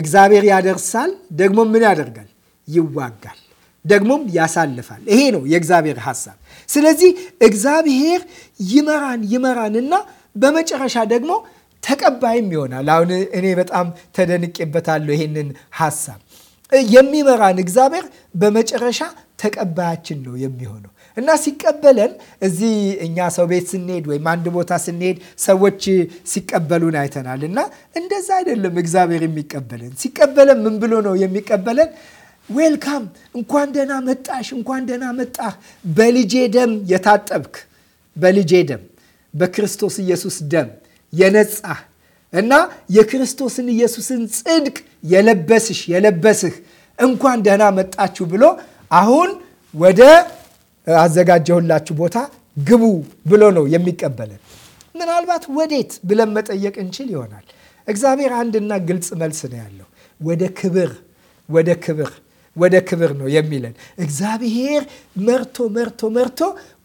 እግዚአብሔር ያደርሳል፣ ደግሞ ምን ያደርጋል? ይዋጋል፣ ደግሞም ያሳልፋል። ይሄ ነው የእግዚአብሔር ሀሳብ። ስለዚህ እግዚአብሔር ይመራን ይመራን እና በመጨረሻ ደግሞ ተቀባይም ይሆናል። አሁን እኔ በጣም ተደንቄበታለሁ ይሄንን ሀሳብ የሚመራን እግዚአብሔር በመጨረሻ ተቀባያችን ነው የሚሆነው። እና ሲቀበለን እዚህ እኛ ሰው ቤት ስንሄድ ወይም አንድ ቦታ ስንሄድ ሰዎች ሲቀበሉን አይተናል። እና እንደዛ አይደለም እግዚአብሔር የሚቀበለን። ሲቀበለን ምን ብሎ ነው የሚቀበለን? ዌልካም፣ እንኳን ደህና መጣሽ፣ እንኳን ደህና መጣህ፣ በልጄ ደም የታጠብክ፣ በልጄ ደም፣ በክርስቶስ ኢየሱስ ደም የነጻህ እና የክርስቶስን ኢየሱስን ጽድቅ የለበስሽ የለበስህ እንኳን ደህና መጣችሁ ብሎ አሁን ወደ አዘጋጀሁላችሁ ቦታ ግቡ ብሎ ነው የሚቀበለን። ምናልባት ወዴት ብለን መጠየቅ እንችል ይሆናል። እግዚአብሔር አንድና ግልጽ መልስ ነው ያለው። ወደ ክብር፣ ወደ ክብር፣ ወደ ክብር ነው የሚለን። እግዚአብሔር መርቶ መርቶ መርቶ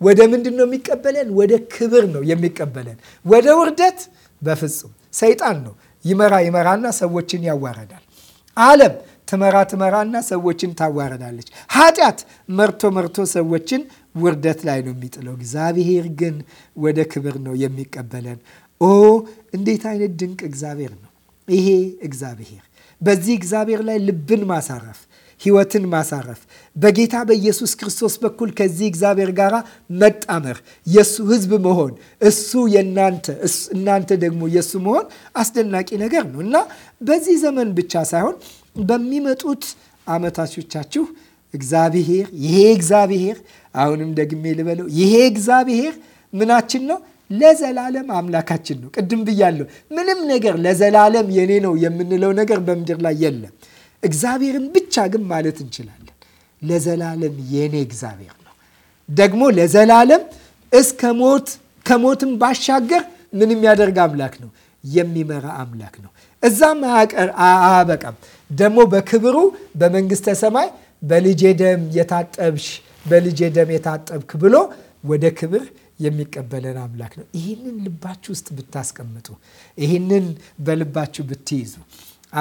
ወደ ምንድን ነው የሚቀበለን? ወደ ክብር ነው የሚቀበለን። ወደ ውርደት በፍጹም ሰይጣን ነው ይመራ ይመራና ሰዎችን ያዋረዳል። ዓለም ትመራ ትመራና ሰዎችን ታዋረዳለች። ኃጢአት መርቶ መርቶ ሰዎችን ውርደት ላይ ነው የሚጥለው። እግዚአብሔር ግን ወደ ክብር ነው የሚቀበለን። ኦ እንዴት አይነት ድንቅ እግዚአብሔር ነው ይሄ እግዚአብሔር! በዚህ እግዚአብሔር ላይ ልብን ማሳረፍ ህይወትን ማሳረፍ በጌታ በኢየሱስ ክርስቶስ በኩል ከዚህ እግዚአብሔር ጋር መጣመር የእሱ ህዝብ መሆን እሱ የእናንተ እናንተ ደግሞ የእሱ መሆን አስደናቂ ነገር ነው እና በዚህ ዘመን ብቻ ሳይሆን በሚመጡት አመታቾቻችሁ እግዚአብሔር ይሄ እግዚአብሔር አሁንም ደግሜ ልበለው ይሄ እግዚአብሔር ምናችን ነው ለዘላለም አምላካችን ነው። ቅድም ብያለሁ። ምንም ነገር ለዘላለም የኔ ነው የምንለው ነገር በምድር ላይ የለም። እግዚአብሔርን ብቻ ግን ማለት እንችላለን። ለዘላለም የኔ እግዚአብሔር ነው። ደግሞ ለዘላለም እስከ ሞት ከሞትም ባሻገር ምንም ያደርግ አምላክ ነው? የሚመራ አምላክ ነው። እዛም አያበቃም። ደግሞ በክብሩ በመንግስተ ሰማይ በልጄ ደም የታጠብሽ በልጄ ደም የታጠብክ ብሎ ወደ ክብር የሚቀበለን አምላክ ነው። ይህንን ልባችሁ ውስጥ ብታስቀምጡ፣ ይህንን በልባችሁ ብትይዙ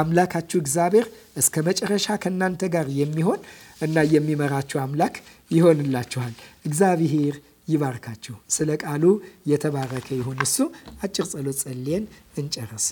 አምላካችሁ እግዚአብሔር እስከ መጨረሻ ከእናንተ ጋር የሚሆን እና የሚመራችሁ አምላክ ይሆንላችኋል። እግዚአብሔር ይባርካችሁ። ስለ ቃሉ የተባረከ ይሁን። እሱ አጭር ጸሎት ጸልየን እንጨርስ።